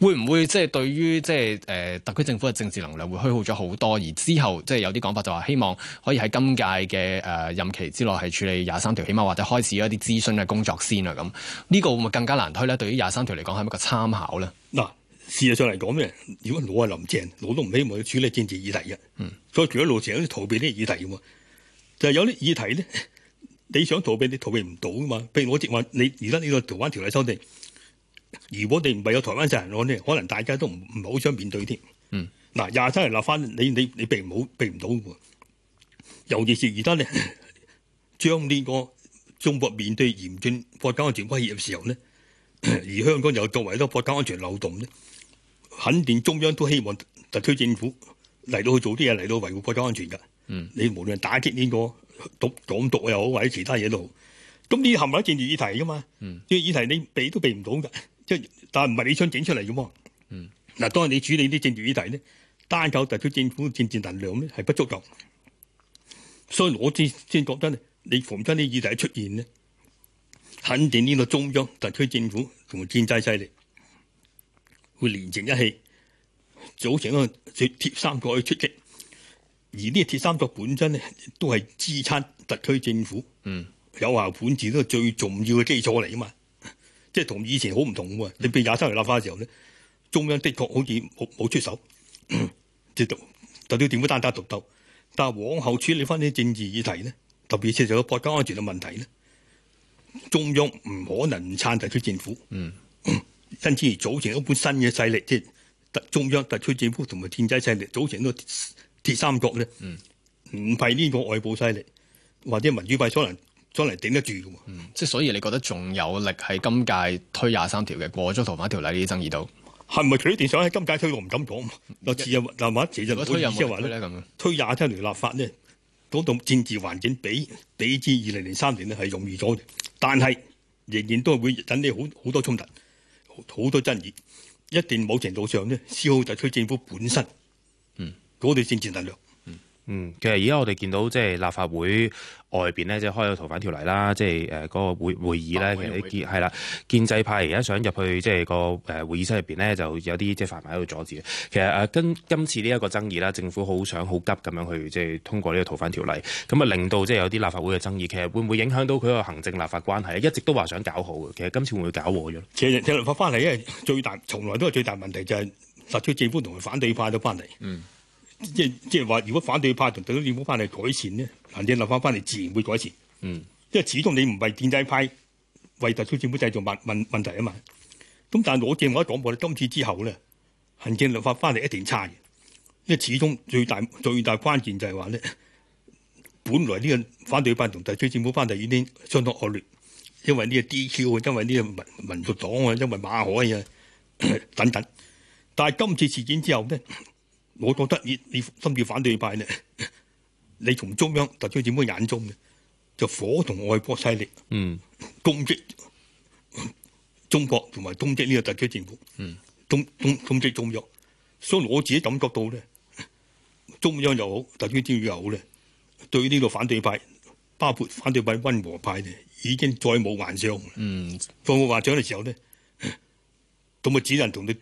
會唔會即係對於即、就、係、是呃、特區政府嘅政治能量會虛耗咗好多？而之後即係有啲講法就話希望可以喺今屆嘅任期之內係處理廿三條，起碼或者開始一啲諮詢嘅工作先啊！咁呢個會唔會更加難推咧？對於廿三條嚟講，係咪一個參考咧？嗱，事實上嚟講咧，如果我係林鄭，我都唔希望要處理政治議題嘅。嗯。所以除，除咗路上好似逃避啲議題嘅，就係、是、有啲議題咧，你想逃避，你逃避唔到噶嘛？譬如我直話，你而家呢個台灣條例修訂，如果我哋唔係有台灣人攞咧，可能大家都唔唔係好想面對添。嗯。嗱，廿三條立法，你你你避唔好，避唔到嘅。尤其是而家咧。 將呢個中國面對嚴峻國家安全威脅嘅時候咧，而香港又作為一個國家安全漏洞咧，肯定中央都希望特區政府嚟，到去做啲嘢，嚟到維護國家安全噶。嗯，你無論打擊呢個獨港獨又好，或者其他嘢都好，咁呢係咪政治議題噶嘛？呢即係議題你避都避唔到噶，即係但係唔係你想整出嚟嘅嘛？嗯，嗱，當係你處理啲政治議題咧，單靠特區政府政治能量咧係不足夠，所以我先先覺得。你逢親啲議題出現咧，肯定呢個中央特區政府同埋建制勢力會連成一氣，組成一個鐵三角去出擊。而呢個鐵三角本身咧，都係支撐特區政府，嗯，有效管治都係最重要嘅基礎嚟啊嘛。即係同以前好唔同喎。你變廿三條立法嘅時候咧，中央的確好似冇出手，獨 特區政府單打獨鬥。但係往後處理翻啲政治議題咧，特別涉及到國家安全嘅問題咧，中央唔可能唔撐特區政府，嗯、因此而組成一股新嘅勢力，即係特中央、特區政府同埋建制勢力組成個鐵三角咧，唔係呢個外部勢力或者民主派所能所能頂得住嘅。即、嗯、係所以你覺得仲有力喺今屆推廿三條嘅過咗逃犯條例呢啲爭議度？係咪係佢哋想喺今屆推我唔敢講，我自又難話自又冇意思嘅話推廿七條立法咧。嗰種政治環境比比之二零零三年咧係容易咗嘅，但係仍然都係會引起好好多衝突、好多爭議，一定某程度上咧，消耗特區政府本身嗰啲，嗯，政治力量。嗯，其實而家我哋見到即係立法會外邊咧，即係開咗逃犯條例啦，即係誒嗰個會會議咧。其實你係啦，建制派而家想入去即係個誒會議室入邊咧，就有啲即係反派喺度阻止。其實誒今今次呢一個爭議啦，政府好想好急咁樣去即係通過呢個逃犯條例，咁啊令到即係有啲立法會嘅爭議。其實會唔會影響到佢個行政立法關係咧？一直都話想搞好嘅，其實今次會唔會搞和咗？其實借嚟翻嚟，因為最大從來都係最大問題就係突出政府同佢反對派都翻嚟。嗯。即即係話，如果反對派同特區政府關係改善咧，行政立法關係自然會改善。嗯，因為始終你唔係建制派，為特區政府製造問問問題啊嘛。咁但係我正我一講過咧，今次之後咧，行政立法關係一定差嘅。因為始終最大最大關鍵就係話咧，本來呢個反對派同特區政府關係已經相當惡劣，因為呢個 DQ 啊，因為呢個民民族黨啊，因為馬海啊等等。但係今次事件之後咧。我覺得你你甚至反對派咧，你從中央特區政府眼中咧就火同外國勢力，嗯，攻擊中國同埋攻擊呢個特區政府，嗯，攻攻攻擊中央，所以我自己感覺到咧，中央又好，特區政府又好咧，對於呢個反對派，包括反對派溫和派咧，已經再冇幻想。嗯，當我幻想嘅時候咧，都咪只能同你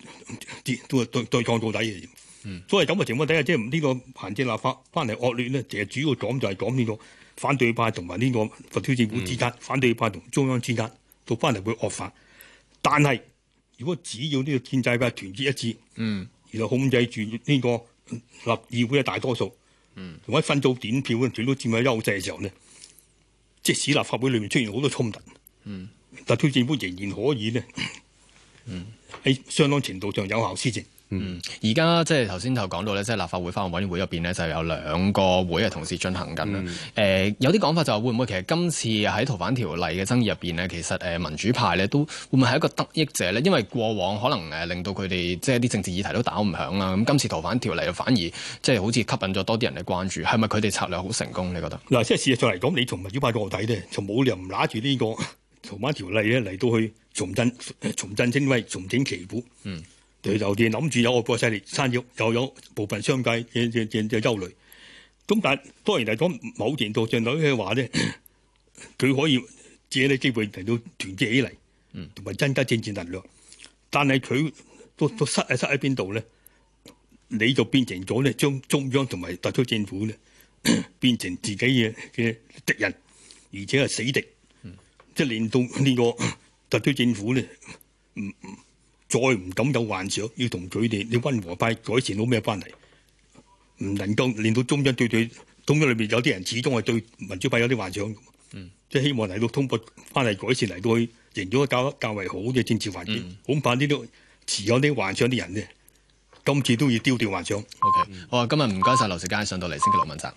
都係對都對抗到底。所以咁嘅情況底下，即係呢個行政立法翻嚟惡劣咧，其實主要講就係講呢個反對派同埋呢個特區政府之間，嗯、反對派同中央之間，到翻嚟會惡化。但係如果只要呢個建制派團結一致，嗯，然後控制住呢個立議會嘅大多數，嗯，同埋分組點票，最都佔有優勢嘅時候咧，即使立法會裏面出現好多衝突，嗯，特區政府仍然可以咧，嗯，喺相當程度上有效施政。嗯，而家即係頭先頭講到咧，即係立法會、法案委員會入面咧，就有兩個會嘅同時進行緊。誒、嗯呃，有啲講法就話會唔會其實今次喺逃犯條例嘅爭議入面呢，其實民主派咧都會唔會係一個得益者咧？因為過往可能令到佢哋即係啲政治議題都打唔響啦。咁今次逃犯條例又反而即係好似吸引咗多啲人嘅關注，係咪佢哋策略好成功？你覺得？嗱，即係事實上嚟講，你從民主派角度睇咧，從冇理由唔揦住呢個逃犯條例咧嚟到去重振重振聲威、重整旗鼓。嗯。佢 就諗住有外部勢力參擾，又有部分商界嘅嘅嘅憂慮。咁但當然嚟講，某程度上嚟嘅話咧，佢可以借呢機會嚟到團結起嚟，同埋增加政治能量。但係佢都都塞喺塞喺邊度咧？你就變成咗咧，將中央同埋特區政府咧變成自己嘅嘅敵人，而且係死敵。 即係令到呢個特區政府咧，唔唔。再唔敢有幻想，要同佢哋，你溫和派改善到咩翻嚟？唔能夠令到中央對對中央裏邊有啲人始終係對民主派有啲幻想，嗯，即係希望嚟到通過翻嚟改善嚟到去營造一個較較為好嘅政治環境。恐、嗯、怕呢啲持有啲幻想啲人咧，今次都要丟掉幻想。OK，好啊，今日唔該晒劉兆佳上到嚟，星期六問責。